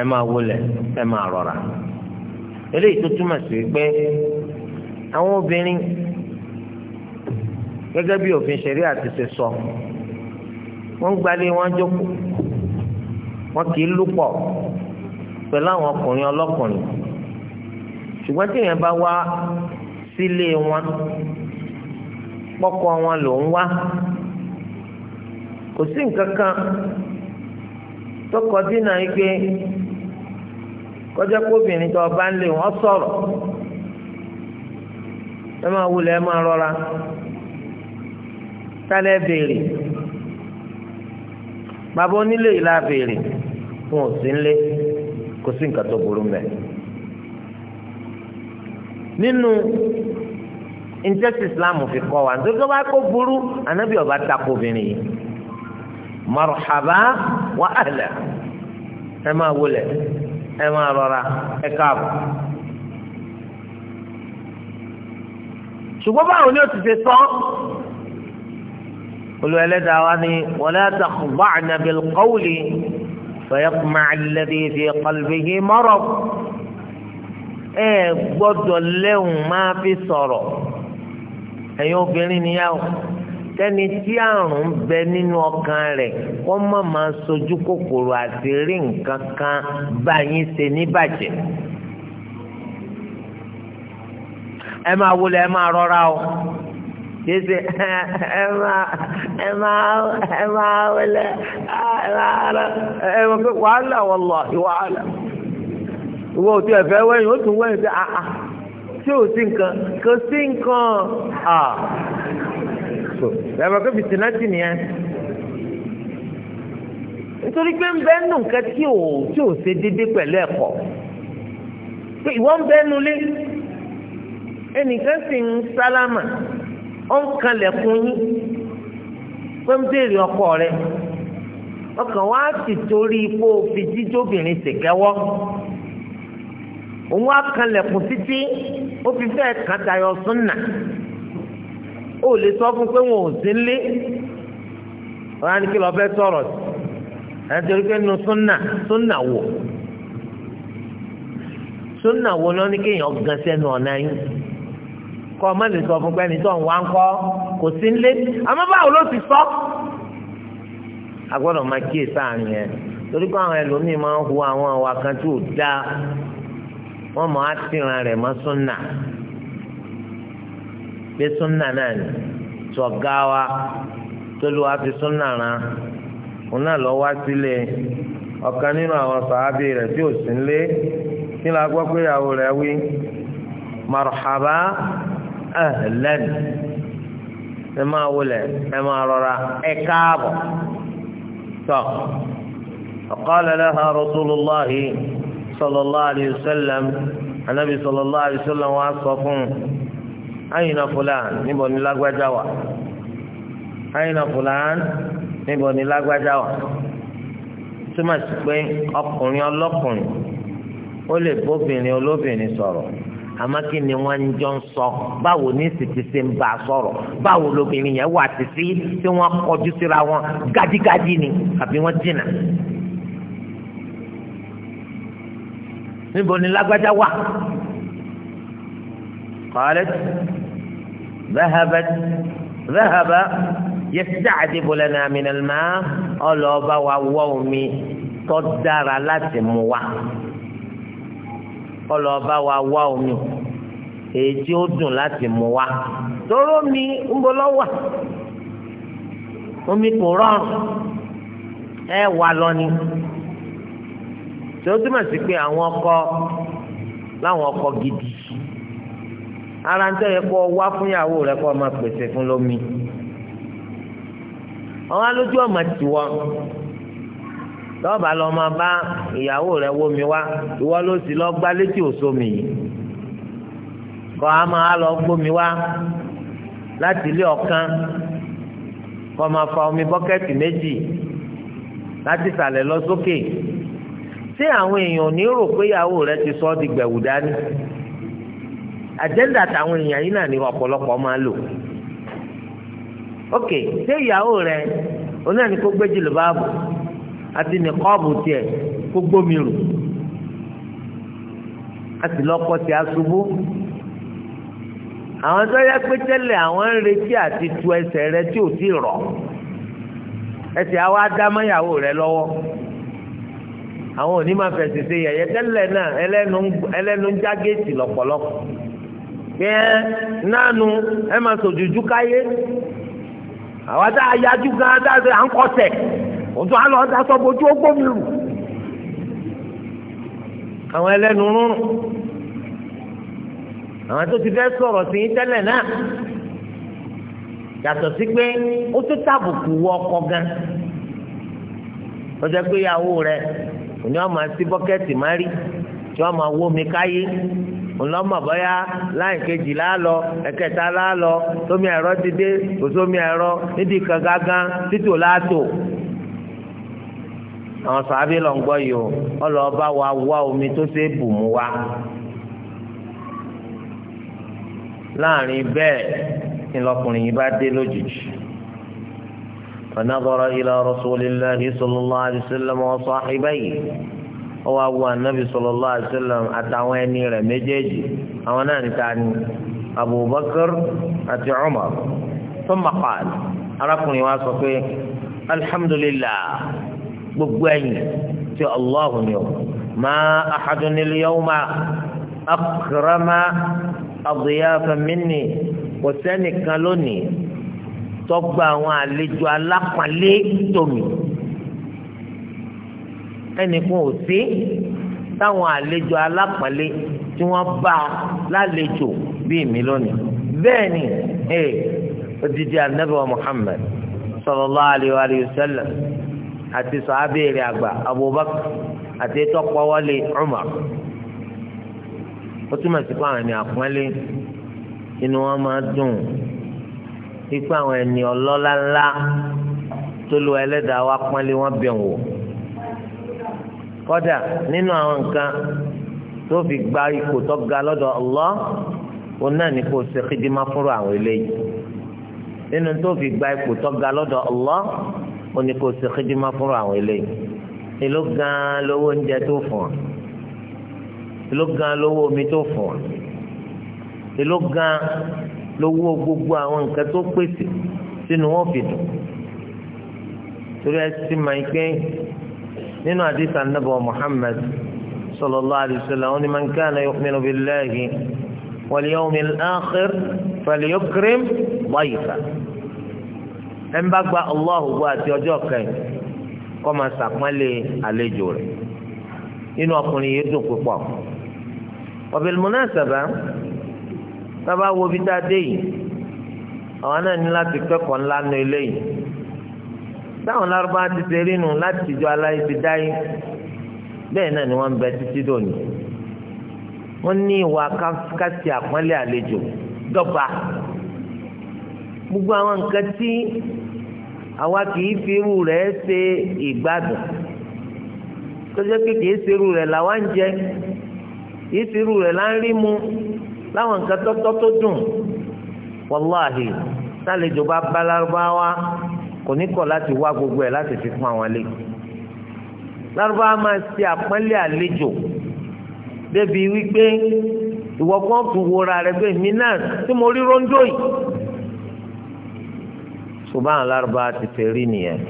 ẹ máa wọlé ẹ máa rọra eléyìí tó túmọ̀ sí pé àwọn obìnrin gẹ́gẹ́ sọ wọ́n gbali wọn jókòó wọn kì í lúpọ̀ pẹ̀lú àwọn ọkùnrin ọlọ́kùnrin ṣùgbọ́n tí èèyàn bá wá sílé wọn. kpọkọ wọn ló ń wá kò sí nǹkan kan tó kọ yìí pé kọjá kóbìnrin tó ọba ń lè sọrọ, sọ̀rọ̀ ẹ máa wulẹ̀ ẹ máa rọra sálẹ̀ béèrè bàbá onílé yìí la béèrè fún òsínlé kò njẹ́sí islam fi kọ́ wa nítorí tó bá kó burú anabi ọba takò obìnrin yìí marhaba wa ahla ẹ máa wọlé ẹ máa rọra ẹ káàbọ̀. ṣùgbọ́n báwo ni o ti ṣe sọ olùwẹ̀lẹ́dàá wa ni wala takhda'na bil qawli fayatma'a alladhi fi qalbihi marad ẹ gbọ́dọ̀ lẹ́hùn máa fi sọ̀rọ̀ ẹ̀yin obìnrin níyàwó tẹ́ni tí àrùn bẹ nínú ọkàn rẹ̀ kó má máa sojú kòkòrò àti rí nǹkan kan bá yín ṣe ẹ máa wọlé ẹ máa rọra o ẹ máa ẹ máa ẹ máa ẹ máa ẹ máa wàhálà ìwàhálà ìwọ tí ò sí nǹkan kò sí nǹkan à so ẹ̀rọ kò fi sinátì nìyẹn nítorí pé ń bẹ́ nù nǹkan tí ò tí ò ṣe déédéé pẹ̀lú ẹ̀kọ́ pé ìwọ́n ń bẹ́ nulẹ̀ ẹnìkan sì ń sálámà ó ń kalẹ̀kùn yín pé ń béèrè ọkọ rẹ ọkàn wa sì torí ipò fi ṣèkẹ́wọ́ òun á kanlẹ̀kùn títí ó fi fẹ́ kàn tayọ súnà ó lè sọ fún pé wọn ò sí nlé wọn á ní kí lọ fẹ́ sọ̀rọ̀ sí ẹni torí pé nu súnà súnà wò súnà wo lọ ní kéèyàn gan sẹ́nu ọ̀nà yín kọ́ ọ má lè sọ fún pé ẹni tó ń wá ń kọ́ kò sí nlé àmọ́ báwo ló ti sọ a gbọ́dọ̀ máa kíyè sáà yẹn torí pé àwọn ẹlòmíín máa ń hu àwọn àwa kan dáa. wọ́n mọ̀ á tìran rẹ̀ mọ́ súnà pé súnà náà ni tọ̀gá wa tólu wa fi súnà ran òun náà lọ wá sílé ọ̀kan nínú àwọn sàábì rẹ̀ tí ò sí nílé kí la gbọ́ pé ìyàwó rẹ̀ wí marhaba ahlan ẹ máa wọlé ẹ máa rọra ẹ káàbọ̀ ọ̀kọ́ sallallahu alayhi wa sallam anabi sallallahu alayhi wa sallam wá sọ fún un ayina fulan níbo ni lágbájá wà ayina fulan níbo ni lágbájá wà túmọ̀ sí pé ọkùnrin ọlọ́kùnrin ó lè bóbìnrin olóbìnrin sọ̀rọ̀ àmọ́ kí ni wọ́n ń jọ ń sọ báwo ní sìtìsì ń bá a sọ̀rọ̀ báwo lobìnrin yẹn wà títí tí wọ́n kọjú síra wọn gádígádí ni àbí wọ́n dínà. níbo ni lágbájá wà qalat dhahabat dhahaba yasta'dibu lana min al-ma' ọlọ́ọ̀bá wa wọ́ omi tó dára láti mu wa ọlọ́ọ̀bá wa wọ́ omi èyí tí ó dùn láti mu wa tóró mi ń bọ́ lọ́wọ́ omi kò rọrùn ẹ wà lọ ni tó túmọ̀ sí pé àwọn ọkọ láwọn ọkọ gidi ara ń tẹ́lẹ̀ kọ́ wá fún ìyàwó rẹ̀ kọ́ máa pèsè fún lómi àwọn alójú ọmọ tiwọn lọ́ọ̀bà lọ máa bá ìyàwó rẹ̀ wómi wá ìwọ ló sì lọ gbá létí òsomi yìí kọ́ a máa lọ gbómi wá láti ilé ọ̀kan kọ́ máa fa omi bọ́kẹ́tì méjì láti sàlẹ̀ lọ sókè. ṣé àwọn èèyàn ní rò pé ìyàwó rẹ ti sọ ọ́ di gbẹ̀wù dání àjẹ́ndà táwọn èèyàn yìí náà ní ọ̀pọ̀lọpọ̀ máa lò ok ṣé ìyàwó rẹ òun náà ní kó gbé jìlìbáàbù àti nìkọ́ọ̀bù tiẹ̀ kó gbómi rù a sì lọ́kọ́ tí a àwọn tó yẹ pé tẹ́lẹ̀ àwọn ń retí àti tu ẹsẹ̀ rẹ tí ò ti rọ̀ ẹsẹ̀ àwọn dá mọ́yàwó rẹ lọ́wọ́. àwọn òní máa fẹsẹ̀ ṣe yẹ̀yẹ́ tẹ́lẹ̀ náà ẹlẹ́nu ń já géètì lọ́pọ̀lọpọ̀ nánu ẹ máa sòjújú káyé a yájú gan tá a à ń kọsẹ̀ òtún àlọ́ ọ̀dà sọ àwọn ẹlẹ́nu rúrùn àwọn tó ti fẹ́ sọ̀rọ̀ sí tẹ́lẹ̀ náà yàtọ̀ sí pé ó tàbùkù wọ ọkọ gan pé ìyàwó òní ọmọ sí bọ́kẹ́tì má rí tí wọ́n máa wó mi káyé ńlọmọ bọyá láì kejì láàlọ ẹ̀kẹta láàlọ tómi ẹ̀rọ ti dé kò sómi ẹ̀rọ nídìí kan gángan títò láàtò àwọn sàábì lọ ń gbọ́ yìí o ọlọ́ọ̀bá wa wá omi tó ṣe bù mú wa láàrin bẹ́ẹ̀ ni yìí bá dé lójijì. فنظر إلى رسول الله صلى الله عليه وسلم وصاحبيه هو أبو النبي صلى الله عليه وسلم أتعواني رمجيج أو نانتاني أبو بكر أتي عمر ثم قال أراكني واصفي الحمد لله بقواني في الله اليوم ما أحد اليوم أكرم أضيافا مني وسنك لوني tọgbà àwọn àlejò alápàlẹ tòmí ẹnìkan ò sí táwọn àlejò alápàlẹ tí wọn bá lálejò bíi mi lónìí bẹ́ẹ̀ ni ẹ odidi anabi wa muhammed sallallahu alayhi wa sallam àti sàábéèrè àgbà abubakar àti tọpọwọlé umar o túmọ̀ sí pé àwọn ènìyàn àpọ́nlé inú wọn máa dùn ikú àwọn ẹni ọlọ́lá ńlá tó lu ẹlẹ́dàá wa pọ́nlé wọn bẹ̀ wò kọ́dà nínú àwọn nǹkan tó fi gba ipò tó ga lọ́dọ̀ Allah òun náà ní kó o ṣe kídìmá fúnra àwọn eléyìí nínú tó fi gba ipò tó ga lọ́dọ̀ Allah òun ní kó o ṣe kídìmá fúnra àwọn eléyìí èló gan-an lówó oúnjẹ tó fún ọ èló gan-an lówó omi tó fún ọ èló gan-an lówó gbogbo àwọn nǹkan tó pèsè sínú wọn fi dùn torí ẹ ti máa ń pín nínú àdìsá nàbọ Muhammad sallallahu alaihi wasallam wọn ni man kana yu'minu billahi wal yawmil akhir falyukrim wáyìfà ẹ ń bá gba Allahu gbọ́ àti ọjọ́ kẹyìn kọ́ máa sàpọ́nlé àlejò rẹ̀ inú ọkùnrin yìí dùn púpọ̀ wa bil tábà wo bí tá a dé yìí àwọn náà ní láti kẹ́kọ̀ọ́ ńlá nu eléyìí táwọn lárúbá ti ṣe rí nu láti ìjọ aláyé ti dáyé bẹ́ẹ̀ náà ni wọ́n ń bẹ títí dòní wọ́n ní ìwà kásì àpọ́nlé àlejò dọ́gba gbogbo àwọn nǹkan tí àwa kì í fi irú rẹ̀ ṣe ìgbádùn tó jẹ́ ṣe irú rẹ̀ làwa ń jẹ kì í ṣe irú rẹ̀ là ń rí mu láwọn nǹkan tọ́tọ́ tó dùn wàláhì sálejò bá bá lárúbáwá kò ní kọ̀ láti wá gbogbo ẹ̀ láti fi pọ́n àwọn lé lárúbáwá máa ṣe àpọ́nlé àlejò débi wípé ìwọ kan tún wora rẹ pé mi náà tí mo rí rondo yìí ṣùgbọ́n àwọn lárúbáwá ti fẹ́ rí nìyẹn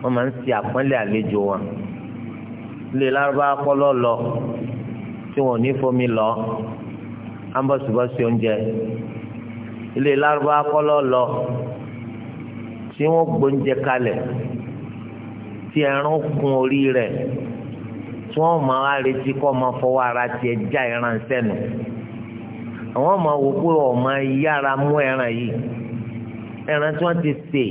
wọ́n máa ń ṣe àpọ́nlé àlejò wọn lè lárúbáwá kọ́ lọ́ lọ tí wọn ò ní fomi lọ ambọ̀sibọ́sí oúnjẹ ilé lárúbá kọ́lọ́ lọ tí wọ́n gbóúnjẹ kalẹ̀ tí ẹran kún orí rẹ̀ tí wọ́n máa wá retí kọ́ máa fọwọ́ ara tiẹ̀ já ẹran sẹ́nu àwọn máa wò pé ọ̀ma yára mú ẹran yìí ẹran tí wọ́n ti sè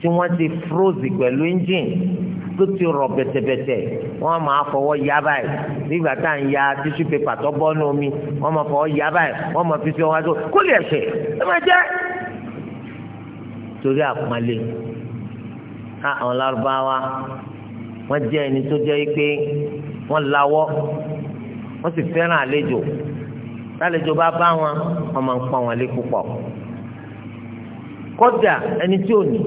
tí wọ́n ti froze pẹ̀lú engine tó ti rọ̀ bẹ̀tẹ̀bẹ̀tẹ̀ wọ́n máa fọwọ́ ya báyìí nígbà tá à ń ya tíṣú pépà tó bọ́ ní omi wọ́n máa fọwọ́ ya báyìí wọ́n máa fi sí ọwọ́ àti kó lè ṣe ẹ máa jẹ́ torí àpọ́nlé àwọn lárúbáwá wọ́n jẹ́ ẹni tó jẹ́ pé wọ́n lawọ́ wọ́n sì fẹ́ràn àlejò tálejò bá bá wọn wọ́n máa ń pọ́n wọn lé púpọ̀ kódà ẹni tí ò ní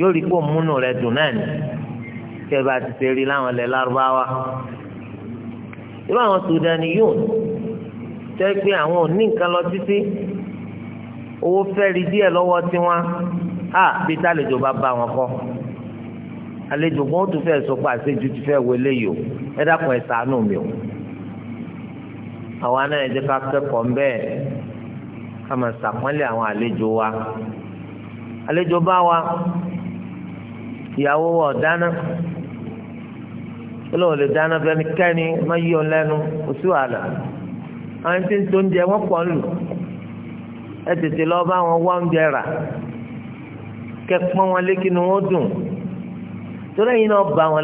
yóò rí kó múnú rẹ̀ dùn náà ni kẹ́ bá ti ṣe rí láwọn ilẹ̀ lárúbáwá irú àwọn sudani yóò tẹ́ pé àwọn ò ní nǹkan lọ títí owó fẹ́ẹ́rì díẹ̀ lọ́wọ́ tiwọn á bí tálejò bá bá wọn kọ́ àlejò kan ó tún fẹ́ sọpọ̀ àṣejù ti fẹ́ wọlé yìí o ẹ dákun ẹ ṣàánú mi o àwa náà jẹ́ ká kẹ́kọ̀ọ́ ń bẹ́ẹ̀ ká máa ṣàpọ́nlé àwọn àlejò wa àlejò bá wa ìyàwó wa ọ̀dáná. olóòwò lè dáná fẹ́ kẹ́ni má yí ọ lẹ́nu oṣù àlà àwọn tí ń tó oúnjẹ wọ́n pọ̀ ń ẹ tètè lọ bá wọn wá oúnjẹ rà kẹ pọ́n wọn lékì ni wọ́n dùn torí ẹ̀yin náà bá wọn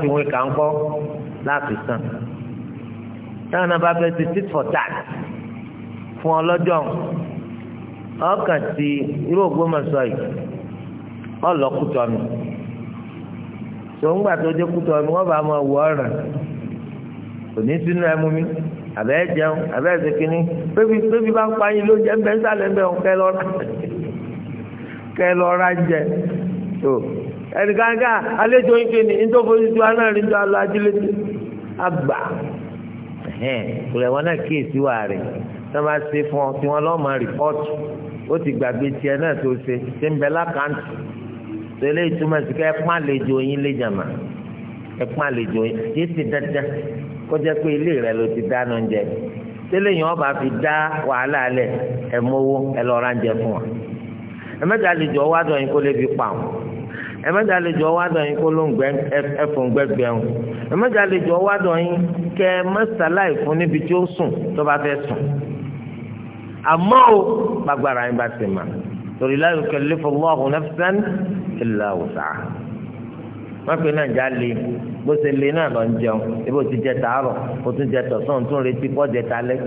fi wọn kà ń kọ́ láti sàn táwọn náà bá fẹ́ ti for tat fún ọlọ́jọ́ ọkàn ti irú ògbómọ̀ṣọ́ yìí tó ń gbà tó dé kútọ mi wọ́n bá máa wọ ọ̀ràn kò ní sínú ẹmu mi àbẹ́ jẹun àbẹ́ ẹ̀sẹ̀ kínní pébi pébi bá ń pa yín ló jẹ́ ń bẹ́ ń sálẹ̀ ń bẹ́ ń kẹ́ lọ́ra kẹ́ lọ́ra jẹ tó ẹnìkan ká àlejò yín kínní nítorí ojú aná rí ju alọ ajílẹ̀ tó àgbà kùlẹ̀ wọn náà kíyèsí wà rẹ̀ tó bá ṣe fún ọ tí wọ́n lọ́ọ́ máa rìpọ́ọ̀tù ó ti gbàgbé tiẹ̀ náà tó ṣe ṣe ń bẹ lákàntì tẹ́lẹ̀ ìtumọ̀ sí ká ẹ pọ́n àlejò yín lé jàmà ẹ pọ́n àlejò yín yé ti dáadáa kọjá pé ilé rẹ ló ti dáná oúnjẹ tẹ́lẹ̀ yìí wọ́n bá fi dá wàhálà lẹ̀ ẹ mọ́wó ẹ lọ́ọ́ ránjẹ fún wa ẹ mẹ́ta àlejò ọwọ́ àdọ̀ yín kó lè fi pa wọn ẹ mẹ́ta àlejò ọwọ́ àdọ̀ yín kó ló ń gbẹ ẹfọn gbẹgbẹ wọn ẹ mẹ́ta àlejò ọwọ́ àdọ̀ yín kẹ mọ́sálàì fún níbi tí ó sùn tó bá fẹ́ sùn àmọ́ o gbàgbára yín bá ti máa torí la yukallifu Allahu nafsan illa wus'aha wọn pe náà já lé bó ṣe lé náà lọ ń jẹun ebi ò ti jẹ tààrọ̀ o tún jẹ tọ̀sán o tún retí pọ̀ jẹ talẹ́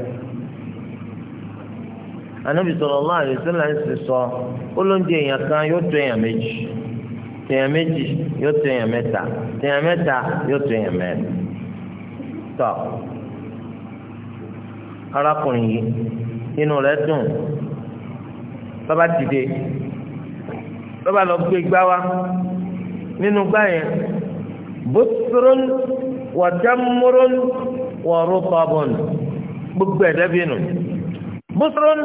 anabi sallallahu alaihi wasallam ń sọ ó ló ń jẹ èèyàn kan yóò tó èèyàn méjì tèèyàn méjì yóò tó èèyàn mẹ́ta tèèyàn mẹ́ta yóò tó èèyàn mẹ́rin tọ arákùnrin yìí inú rẹ̀ dùn lọ́ba dìde lọ́ba lọ gbé gbá wa nínú gbá yẹn bùsùrùn wàtẹ́mùrùn wọ̀rùpọ̀bùn gbogbo ẹ̀dẹ́bí nù bùsùrùn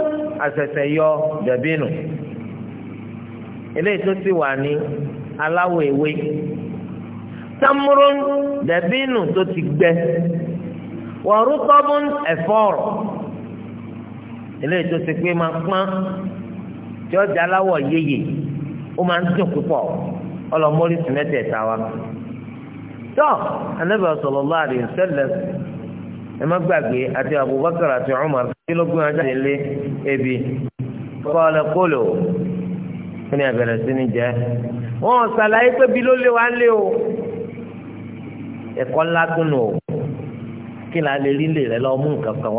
àṣẹ̀ṣẹ̀ yọ dẹ̀bí nù eléyìí tó sì wà ní aláwọ̀ ewé tẹ́mùrùn dẹ̀bí nù tó ti gbẹ wọ̀rùpọ̀bùn ẹ̀fọ́ eléyìí tó ti pé máa pọ́n. tí ọjà aláwọ̀ ó máa ń dùn púpọ̀ ọlọmọlì sí mẹ́tẹ̀ẹ̀ta wa. tó Ànábì sallallahu alaihi wasallam ẹ má gbàgbé àti Abubakar àti Umar kí ló lé ebi kọ́lẹ̀ kólò kí ni sí ni wọn ṣàlàyé pé bí ló lé wa lé o ẹ̀kọ́ ńlá tún nù o kí la lè rí lè rẹ lọ mú nǹkan kan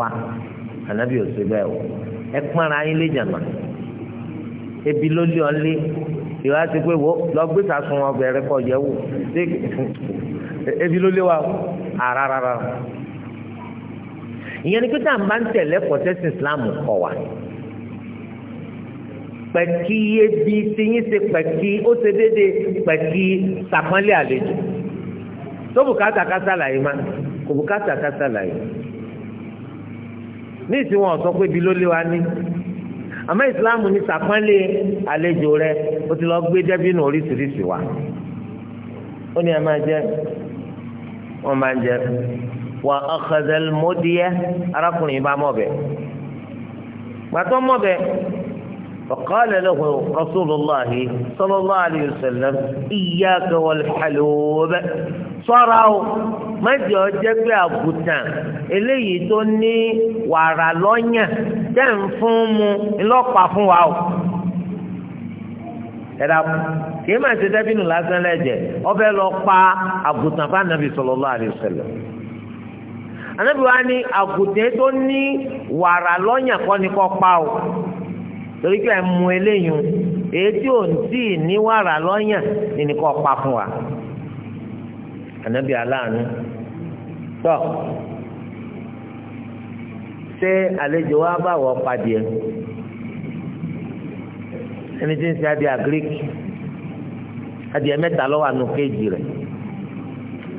ebi ló lé ọ lé ìwà ti pé wo lọ gbé sàsùn ọbẹ rẹ kọ yẹ wò ebi ló lé wa àràràrà ìyẹn ni pé tá à ń bá ń tẹ̀lé kọ́tẹ́sì Islam kọ wa pẹ̀kí ebi tí yín ṣe pẹ̀kí ó ṣe déédéé pẹ̀kí sàpọ́nlé àlejò tó bùkátà ká sàlàyé má kò bùkátà ká sàlàyé ní ìsìn wọn sọ pé ibi ló lé wa ní àmọ́ ìsìláàmù ní sàpọ́nlé àlejò rẹ ó ti lọ gbé dẹ́bínú oríṣiríṣi wa ó ní ẹ máa jẹ wọ́n máa ń jẹ wà ọ̀kadà arákùnrin bá mọ̀ bẹ́ẹ̀ gbàtọ́ mọ̀ bẹ́ẹ̀. فقال له رسول الله صلى الله عليه وسلم إياك والحلوب صاروا ما جوجك أبوتان إليه توني ورالونيا تنفوم لقى فواو ẹ̀dá kì í máa ṣe lásán lẹ́jẹ̀ ọbẹ̀ lọ pa àgùntàn fún anabi anabi wa ni àgùntàn tó ní wàrà lọ́yàn kọ́ pa o torí pé ẹ mú eléyìí èyí tí ò tí ì ní wàrà lọ́yàn nínú kọ́ pa fún wa ànábì aláàánú tọ́ ṣé àlejò wa bá wọ padì ẹ ẹni tí ń ṣe adìẹ àgíríkì adìẹ mẹ́ta lọ́wọ́ àánú kéèjì rẹ̀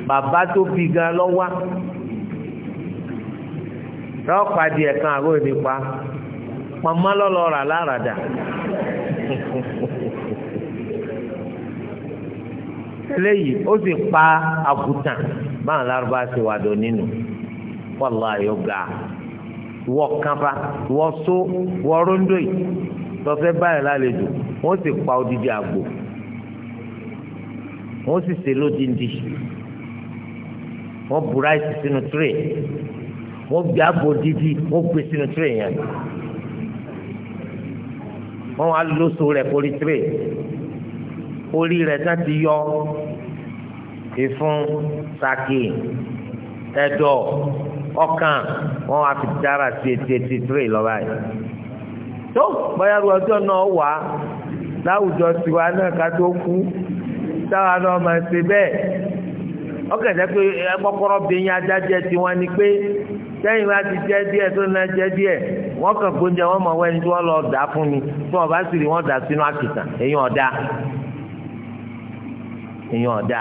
bàbá tó bí gan lọ́wọ́ lọ́ọ́ padì ẹ̀ kan àgọ́ ìdí pa màmá lọ́lọ́ rà láràdà eléyìí ó sì pa àkútàn báwọn lárúbá ṣe wà dùn nínú wàlá yóò ga ìwọ kánfa ìwọ só ìwọ róńdó yìí lọ́fẹ́ báyìí lálejò wọ́n sì pa odidi àgbò wọ́n sì ṣe lódindi wọ́n bu ráìsì sínú tírè wọ́n gbé àgbò dídí wọ́n gbé sínú tírè yẹn wọ́n wá lóso rẹ̀ kórí tire orí rẹ̀ tá ti yọ ìfun saki ẹ̀dọ̀ ọkàn wọ́n wá fi dára sí etí etí tire lọ́ba yìí tó bóyá ọjọ́ náà wà láwùjọ tiwa náà ká tó kú táwa náà máa ṣe bẹ́ẹ̀ ọkàn jẹ́ pé kọ́kọ́rọ́ bẹyìn adájẹ tiwọn ni pé sẹ́yìn wá ti jẹ díẹ̀ tó náà jẹ díẹ̀ wọ́n kàn kó oúnjẹ wọn mọ̀ wẹ́ni tí wọ́n lọ dà fún mi tí wọ́n bá sì rí wọ́n dà sínú àkìtàn èèyàn ọ̀dà èèyàn ọ̀dà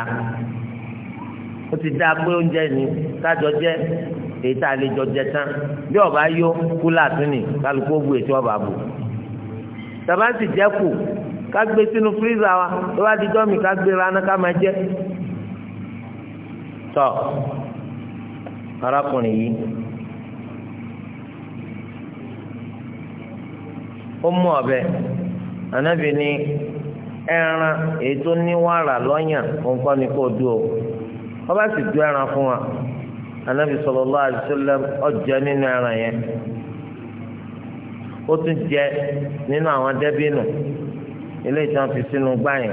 ó ti dá pé oúnjẹ ni tájọ jẹ èyí tá a lè jọ jẹ tán bí ọba yó kúlà tún ni kálukú ó bu ètò ọba bò tàbá sì jẹ kù ká gbé sínú fírísà wa tó bá di dọ́mì ká gbé raná ká máa jẹ tọ arákùnrin yìí. ó mú ọ̀bẹ ànábì ni ẹran èyí tó ní wàrà lọ́yàn ni o si sì dú ẹran fún wa ànábì sallallahu alaihi wasallam ó nínú ẹran yẹn ó tún jẹ nínú àwọn dẹ́bínù ilé ìtàn fi sínú wọ́n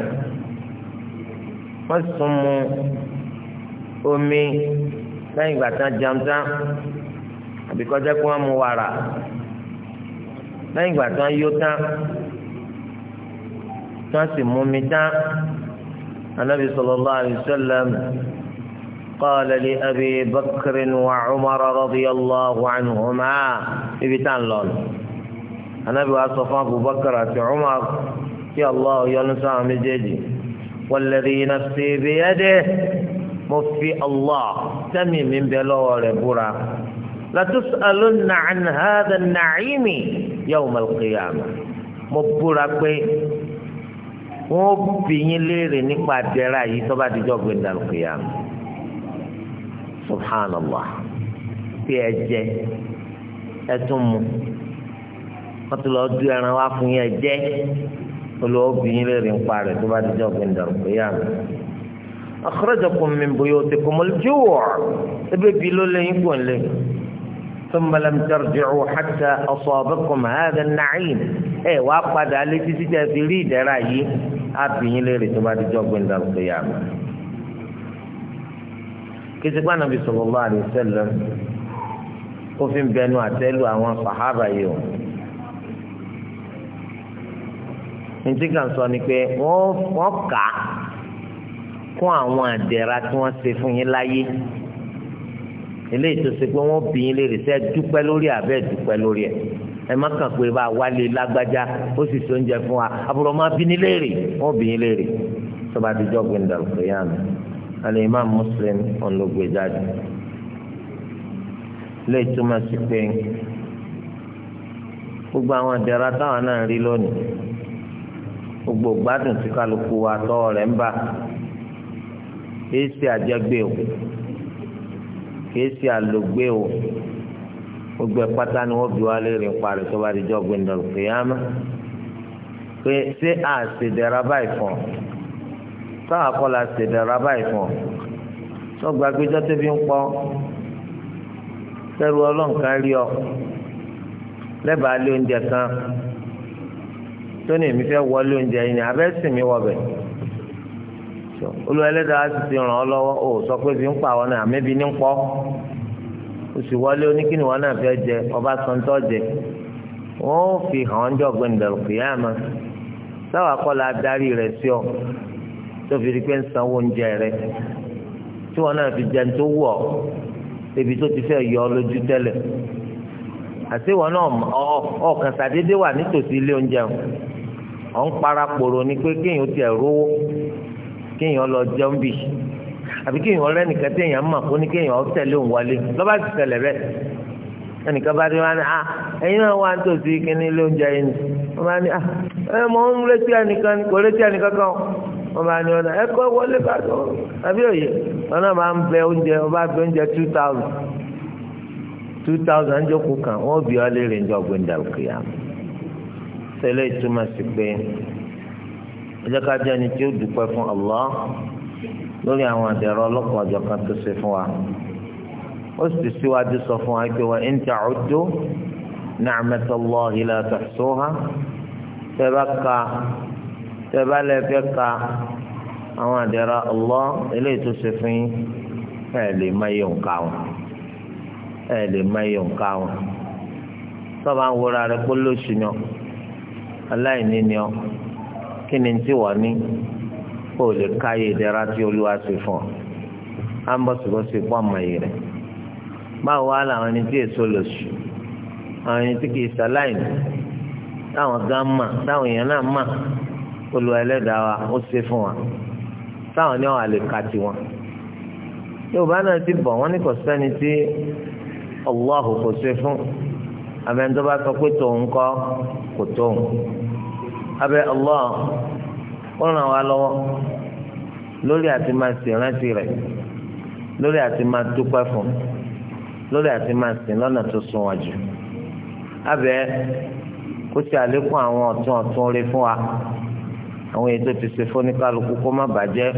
omi lẹ́yìn ìgbà tán jẹun àbíkọ́jẹ́ wọ́n lẹ́yìn ìgbà tí wọ́n yó tán tí wọ́n sì mú mi tán anabi sallallahu alayhi wa sallam qala li abi bakr wa umar radiyallahu anhuma ibi tá n lọ nù anabi wa sọ fún abubakar àti umar kí allah yọ́nú sáwọn méjèèjì walladhi nafsi biyadihi mo fi allah sẹ́mi mi bẹ lọ́wọ́ rẹ̀ búra latus'alunna 'an hadha an-na'imi yawm al-qiyamah mo búra pé wọ́n bi yín léèrè nípa àdẹ́rà yìí tó bá dijọ́ gbẹ̀dẹ̀ al-qiyamah subhanallah tí ẹ jẹ ẹ tún mu wọ́n ti lọ du ẹran wá fún yín ẹ jẹ olùwọ́ bi yín léèrè nípa rẹ̀ tó bá dijọ́ gbẹ̀dẹ̀ al-qiyamah. akhrajakum min buyutikum al-ju' ẹbí bi ló lẹ́yìn gbọ̀n lẹ́yìn. ثم لم ترجعوا حتى أصابكم هذا النعيم إيه وأقعد على تتجافري درائي أبيه ليري تبادي جوب عند القيامة كتب النبي صلى الله عليه وسلم وفي بينو أتلو أوان صحابة يوم nti kan sọ ni pé wọn kà kún àwọn àdẹ̀ra tí wọn ṣe fún yín láyé eléyìí tó ṣe pé wọ́n bí yín léèrè sẹ́ dúpẹ́ lórí àbẹ́ dúpẹ́ lórí ẹ̀ ẹ má kàn pé bá a wálé lágbájá ó sì so oúnjẹ fún wa àbúrò máa bí ní léèrè wọ́n bí léèrè tó bá ti jọ́gbìn dàrúkọ yá mi alẹ́ imam muslim ọ̀nlógbè jáde lè túmọ̀ sí pé gbogbo àwọn ìdẹ̀ra táwọn náà rí lónìí gbogbo gbádùn tí kálukú wa tọ́ rẹ̀ ń bà èsì àjẹgbé òkú kìí ṣe àlògbé o gbogbo ẹ pátá ni wọn bí wá léèrè ń parí tó bá di jọ gbẹndọ kìyàmá pé ṣé à ṣèdẹ̀ra báyìí fún ọ táwọn akọ́là ṣèdẹ̀ra báyìí fún ọ tó gbàgbé jọ́tẹ́ fi ń pọ́ tẹ́rù ọlọ́nkan rí ọ lẹ́bàá lé oúnjẹ kan tó ní èmi fẹ́ wọlé oúnjẹ yìí ni abẹ́sìn mi wọ̀ bẹ́ẹ̀ olúwa ẹlẹ́dàá sì ti ràn ọ́ lọ́wọ́ ó sọ pé fi ń pa àwọn náà àmẹ́bí ní ń pọ́ oṣù wọlé oníkíni wọn náà fẹ́ jẹ ọba sọ̀ńtọ́ jẹ wọ́n ó fi hàn án jọ gbẹ̀ndẹ̀rù kìyàmá sáwà kọ́la darí rẹ̀ sí ọ tó fi di pé ń sanwó oúnjẹ rẹ tí wọn náà fi jẹun tó wù ọ ebi tó ti fẹ́ yọ ọ lójú tẹ́lẹ̀ àti wọn náà ọkàn sàdédé wà nítòsí ilé oúnjẹ ọ ń para ni pé kéèyàn tiẹ̀ rówó kéèyàn lọ jẹun bì àbí kéèyàn ọ̀rẹ́ nìkan téèyàn mọ̀ kó ní kéèyàn tẹ̀lé òun wọlé lọ́ba ti ẹnìkan bá dé wá ní à ah, náà wá ń kíní lóúnjẹ yìí ni bá ní à ah, ẹ ń retí ẹnìkan ni kò retí ẹnìkan kan bá ní wọlé bá tó àbí òye wọn náà máa ń bẹ oúnjẹ wọn bá bẹ oúnjẹ two thousand two ọ lè rìn jọ gbẹndàlùkìyà sẹlẹ̀ ìtumọ̀ sí ẹ ká jẹ́ ẹni tí ó dúpẹ́ fún Allah lórí àwọn àdẹ̀rọ ọlọ́kùnrin ọ̀jọ̀kan tó ṣe fún wa ó sì síwájú sọ fún wa pé ọjọ in ta'uddu ni'matallahi la tuhsuha tẹ́ bá ka tẹ́ bá ka àwọn àdẹ̀rọ Allah eléyìí tó ṣe fún yín nkawa. lè má yọ̀ ǹka wọn ẹ̀ lè má yọ̀ kí ni tí wọ́n ní kó o lè káyé ìdẹ̀ra tí olúwa ṣe fún ọ á ń bọ̀ síbọ̀ sí pọ̀ mọ̀ yìí rẹ̀ báwo wá làwọn ẹni tí èso lò sùn àwọn ẹni tí kìí sàláìní táwọn gan mà táwọn èèyàn náà mà olúwa ẹlẹ́dàá wa ó ṣe fún wa táwọn ní ọ̀ àlè ka tiwọn yorùbá náà ti bọ̀ wọ́n ní kò sẹ́ni tí Allahu kò ṣe fún abẹ́ńtọ́ bá sọ pé tòun kọ́ kò tóun abẹ́ Allah ó ràn wá lọ́wọ́ lórí àti máa ṣèrántí rẹ̀ lórí àti máa dúpẹ́ fún lórí àti máa sìn lọ́nà tó sunwọ̀n jù abẹ́ kó ṣe àlékún àwọn ọ̀tún ọ̀tún rí fún wa àwọn èyí tó ti ṣe fún oníkálukú kó má bàjẹ́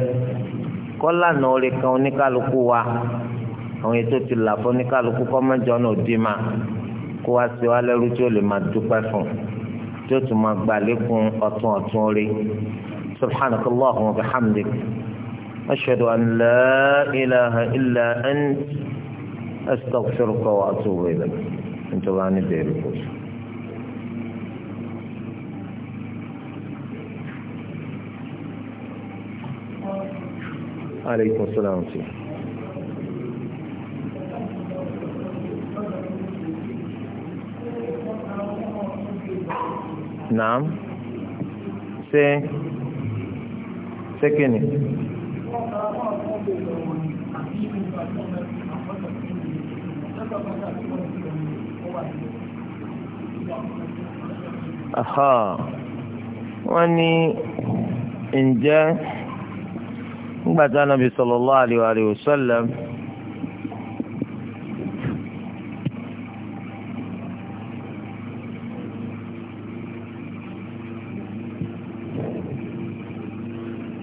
kọ́lànà orí kan oníkálukú wa àwọn èyí tó ti là fún oníkálukú kó má jọ náà dì má kó wá sí wa lẹ́rú tí ó lè máa dúpẹ́ fún un tí ó tún máa gba àlékún ọ̀tún ọ̀tún orí subhanak allahu wa bihamdik ashhadu an la ilaha illa ant astaghfiruka wa atubu ilayk nítorí wọn ní bẹ́ẹ̀ rí kò sí. عليكم السلام Thank you. نعم سي سكني أها واني إن جاء بعد النبي صلى الله عليه وآله وسلم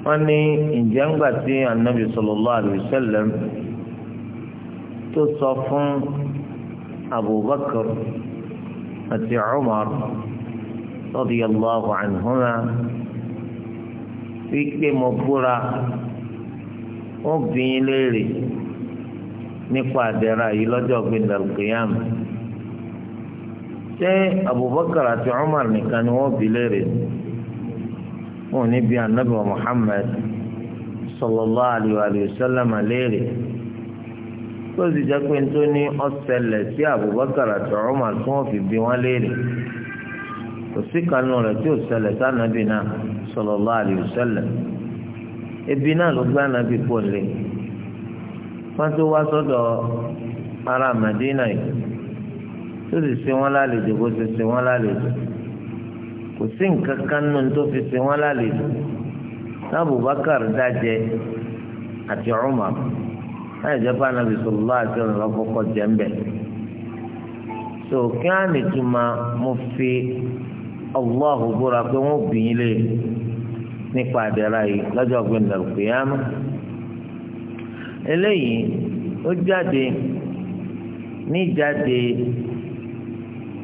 wọ́n ní ǹjẹ́ ńgbà tí anabi sallallahu alaihi wasallam tó sọ fún abubakar àti umar radiyallahu anhuma wípé mo búra wọ́n bi yín léèrè nípa àdẹ̀rà yìí lọ́jọ́ gbẹ̀dàgbéyàm ṣé abubakar àti umar nìkan ni wọ́n bi léèrè wọn ní bí anabi wa sallallahu alayhi wa sallam léèrè tó sì jẹ́ pé tó ní ọ̀sẹ̀lẹ̀ sí Abubakar àti Umar tí wọ́n fi bí wọ́n léèrè kò sí kanú rẹ̀ tí ò ṣẹlẹ̀ sí anabi náà sallallahu alayhi wa sallam ebi náà ló gbé anabi lé tó Madina yìí tó sì lálejò bó kò sí nǹkan kan nínú tó fi ala wọn lálejò Bakar dájẹ àti Umar láì jẹ́ pé anabi sallallahu alaihi wasallam so kí á nìtumọ̀ mo fi Allahu búra pé wọ́n bì í lé nípa àdẹ́rà yìí lọ́jọ́ gbẹ̀ndà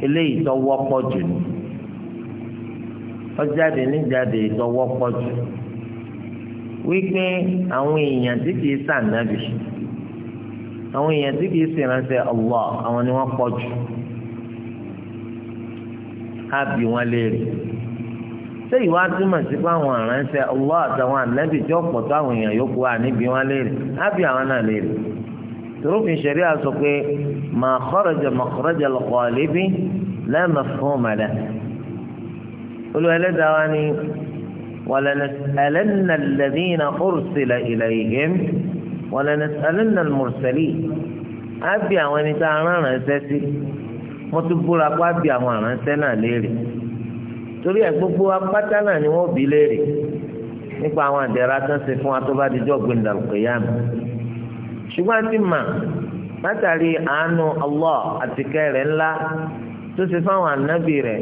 eléyìí ọjáde níjáde ìtọwọ́ pọ̀ wípé àwọn èèyàn tí kìí sànàbì àwọn èèyàn tí kìí ṣèránṣẹ́ Allah àwọn ni ha bi léèrè ṣé ìwà túmọ̀ sí pé àwọn àránṣẹ́ Allah àtàwọn ànábì tí ọ̀pọ̀ tó àwọn èèyàn yòókù wà níbi wọ́n léèrè bi àwọn náà léèrè tòrófin ṣẹ̀rí àsọ pé ma kharaja makhraja al-ghalibi la olùwà ẹlẹ́dàá wa ni ولنسألن الذين أرسل إليهم ولنسألن المرسلين àbí àwọn ẹni tá a rán ránṣẹ́ sí mo tún búra pé àbí àwọn aránṣẹ́ náà léèrè torí ẹ̀ gbogbo apáta náà ni wọ́n bi léèrè nípa àwọn àdẹ̀rà tó ń ṣe fún wa tó bá dijọ́ gbẹ̀ndà lùkẹ́yàmù ṣùgbọ́n àti mà látàrí àánú Allah àtikẹ́ rẹ̀ ńlá tó ṣe fáwọn ànábì rẹ̀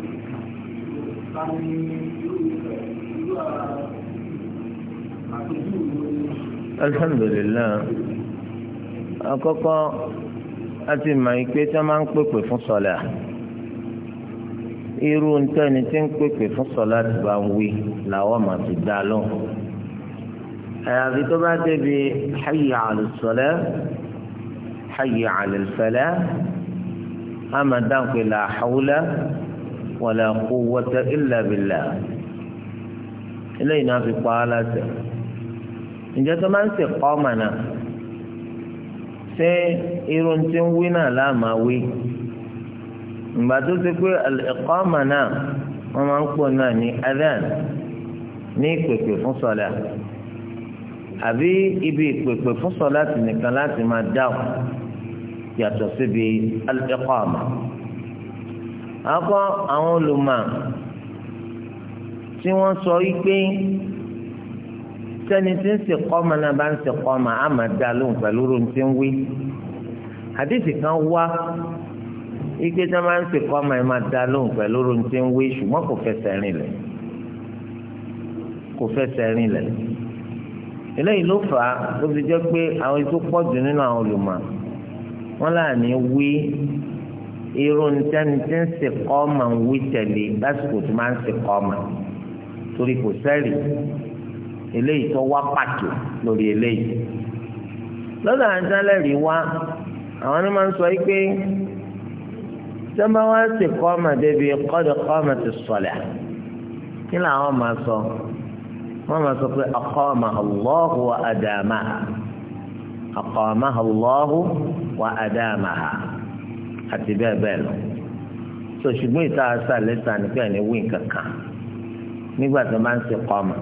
alhamdulilayi àkọ́kọ́ a ti mọ ikpe tí a máa ń pèpè fún sọlá irú ntẹni tí ń pèpè fún sọlá ti bá ń wí làwọn máa ti dá lọ àyàfi tó bá débi hayya ala sọlá hayya ala sọlá a máa dáhùn pé wala quwwata illa billah eléyìí náà fi pa á láṣẹ ǹjẹ́ tó máa ń sè kọ́ ọmọ náà ṣé irun tí ń wí náà láàmà wí ìgbà tó ti pé ẹ̀kọ́ ọmọ náà wọ́n máa ń pò náà ní adán ní ìpèpè fún sọ̀lá àbí ibi ìpèpè fún sọ̀lá tì nìkan láti máa dáhùn yàtọ̀ síbi ẹ̀kọ́ ọmọ akọ àwọn olùmọ̀ tí wọ́n sọ wípé sẹ́ni tí ń ṣe kọ́mọ náà bá ń ṣe kọ́mọ á máa dá lóhùn pẹ̀lú rohun tí ń wí àdìsí kan wá ike tí wọ́n máa ń ṣe kọ́mọ ẹ̀ máa dá lóhùn pẹ̀lú rohun tí ń wí ṣùgbọ́n kò fẹsẹ̀ rìn lẹ̀ kò fẹsẹ̀ rìn lẹ̀ eléyìí ló fà á ló fi jẹ́ pé àwọn ètò pọ̀jù nínú àwọn olùmọ̀ wọ́n láà ní wí irú ntẹ́ni tí ń sè kọ́ọ̀mà ń wí tẹ̀lé lásìkò tó máa ń sè kọ́ọ̀mà torí kò sẹ́rì eléyìí tó wá pàtó lórí eléyìí lọ́dọ̀ àjálẹ̀rì wá àwọn ni máa ń sọ pé sọ́mbà wá débi kí làwọn máa sọ wọ́n máa sọ pé wa àti bẹ́ẹ̀ bẹ́ẹ̀ lọ so ṣùgbọ́n ìta àṣà lẹ́sà nípa ẹni wí nǹkan kan nígbà tó máa ń ṣe kọ́ ọmọ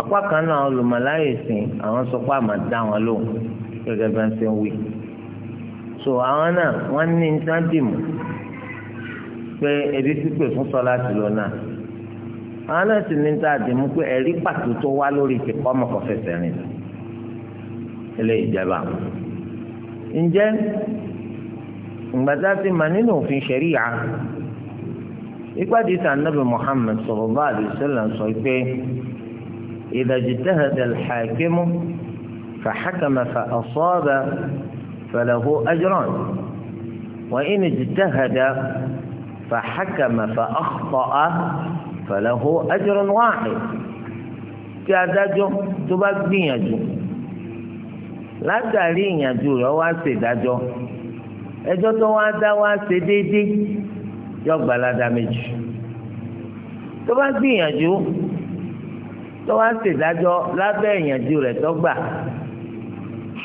apá kan náà olùmọ̀láyè sìn àwọn sọ àmà dá wọn lóhùn gẹ́gẹ́ bá ń ṣe ń wí so àwọn náà wọ́n ní nǹkan dìmú pé ebi pípé fún sọlá ti lọ náà àwọn náà sì ní nǹkan dìmú pé ẹ̀rí pàtó tó wá lórí ti kọ́ ọmọ rìn lọ ilé ǹjẹ́ ìgbàdá ti mà nínú òfin ṣẹ̀ríyà ìpàdé tà nàbì Muhammad sallallahu alaihi wasallam sọ pé ìdajì ijtahada al-hakimu fahakama fa asaba falahu ajran wa in ijtahada fahakama fa akhta'a falahu ajrun wahid tí a adájọ́ tó bá gbìyànjú látàrí ìyànjú rẹ̀ wá ṣèdájọ́. ẹjọ́ tó wá dá wá ṣe déédéé yọ gbalada méjì tó bá gbìyànjú tó wá ṣèdájọ́ lábẹ́ ìyànjú rẹ̀ dọ́gba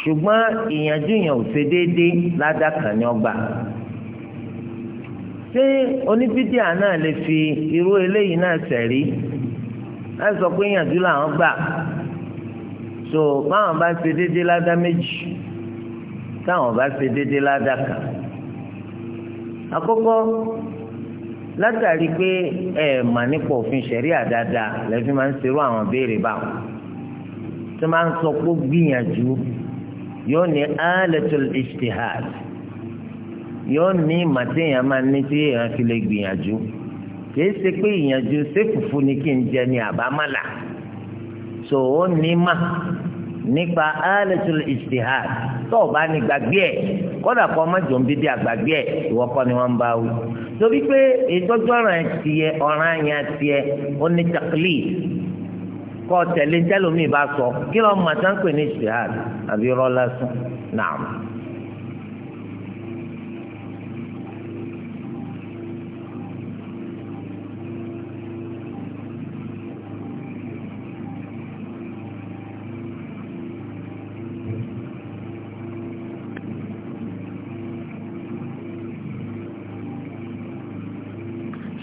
ṣùgbọ́n ìyànjú yẹn ò ṣe déédéé ládàkà ni ọgbà ṣé oníbídíà náà lè fi irú eléyìí náà ṣẹ̀rí láti sọ pé ìyànjú làwọn gbà so báwọn bá ṣe déédéé ládàá méjì táwọn bá ṣe déédéé ládàkà àkọ́kọ́ látàrí pé ẹ mà nípa òfin ṣẹ̀ríà dáadáa lẹ́fí máa ń ṣerú àwọn béèrè báwọn tó máa ń sọ pé gbìyànjú yóò ní alatul ijtihad yóò ní màtíyàn máa ní tí èèyàn fi lè gbìyànjú kìí ṣe pé ìyànjú ṣé fùfú ni kí n jẹ ní àbámàlà so ó ní mà nípa alatul ijtihad tó o bá ní gbàgbé ẹ̀ kódà kó o má ń bí àgbàgbé ẹ̀ ìwọ ni wọ́n ń bá wí. torí pé ìtọ́jú ọ̀ràn tiẹ̀ ọ̀ràn yẹn tiẹ̀ ó ní kọ́ tẹ̀lé tẹ́lómi bá sọ kí lọ́ọ́ mọ̀ sáńpẹ̀ ní àbí náà.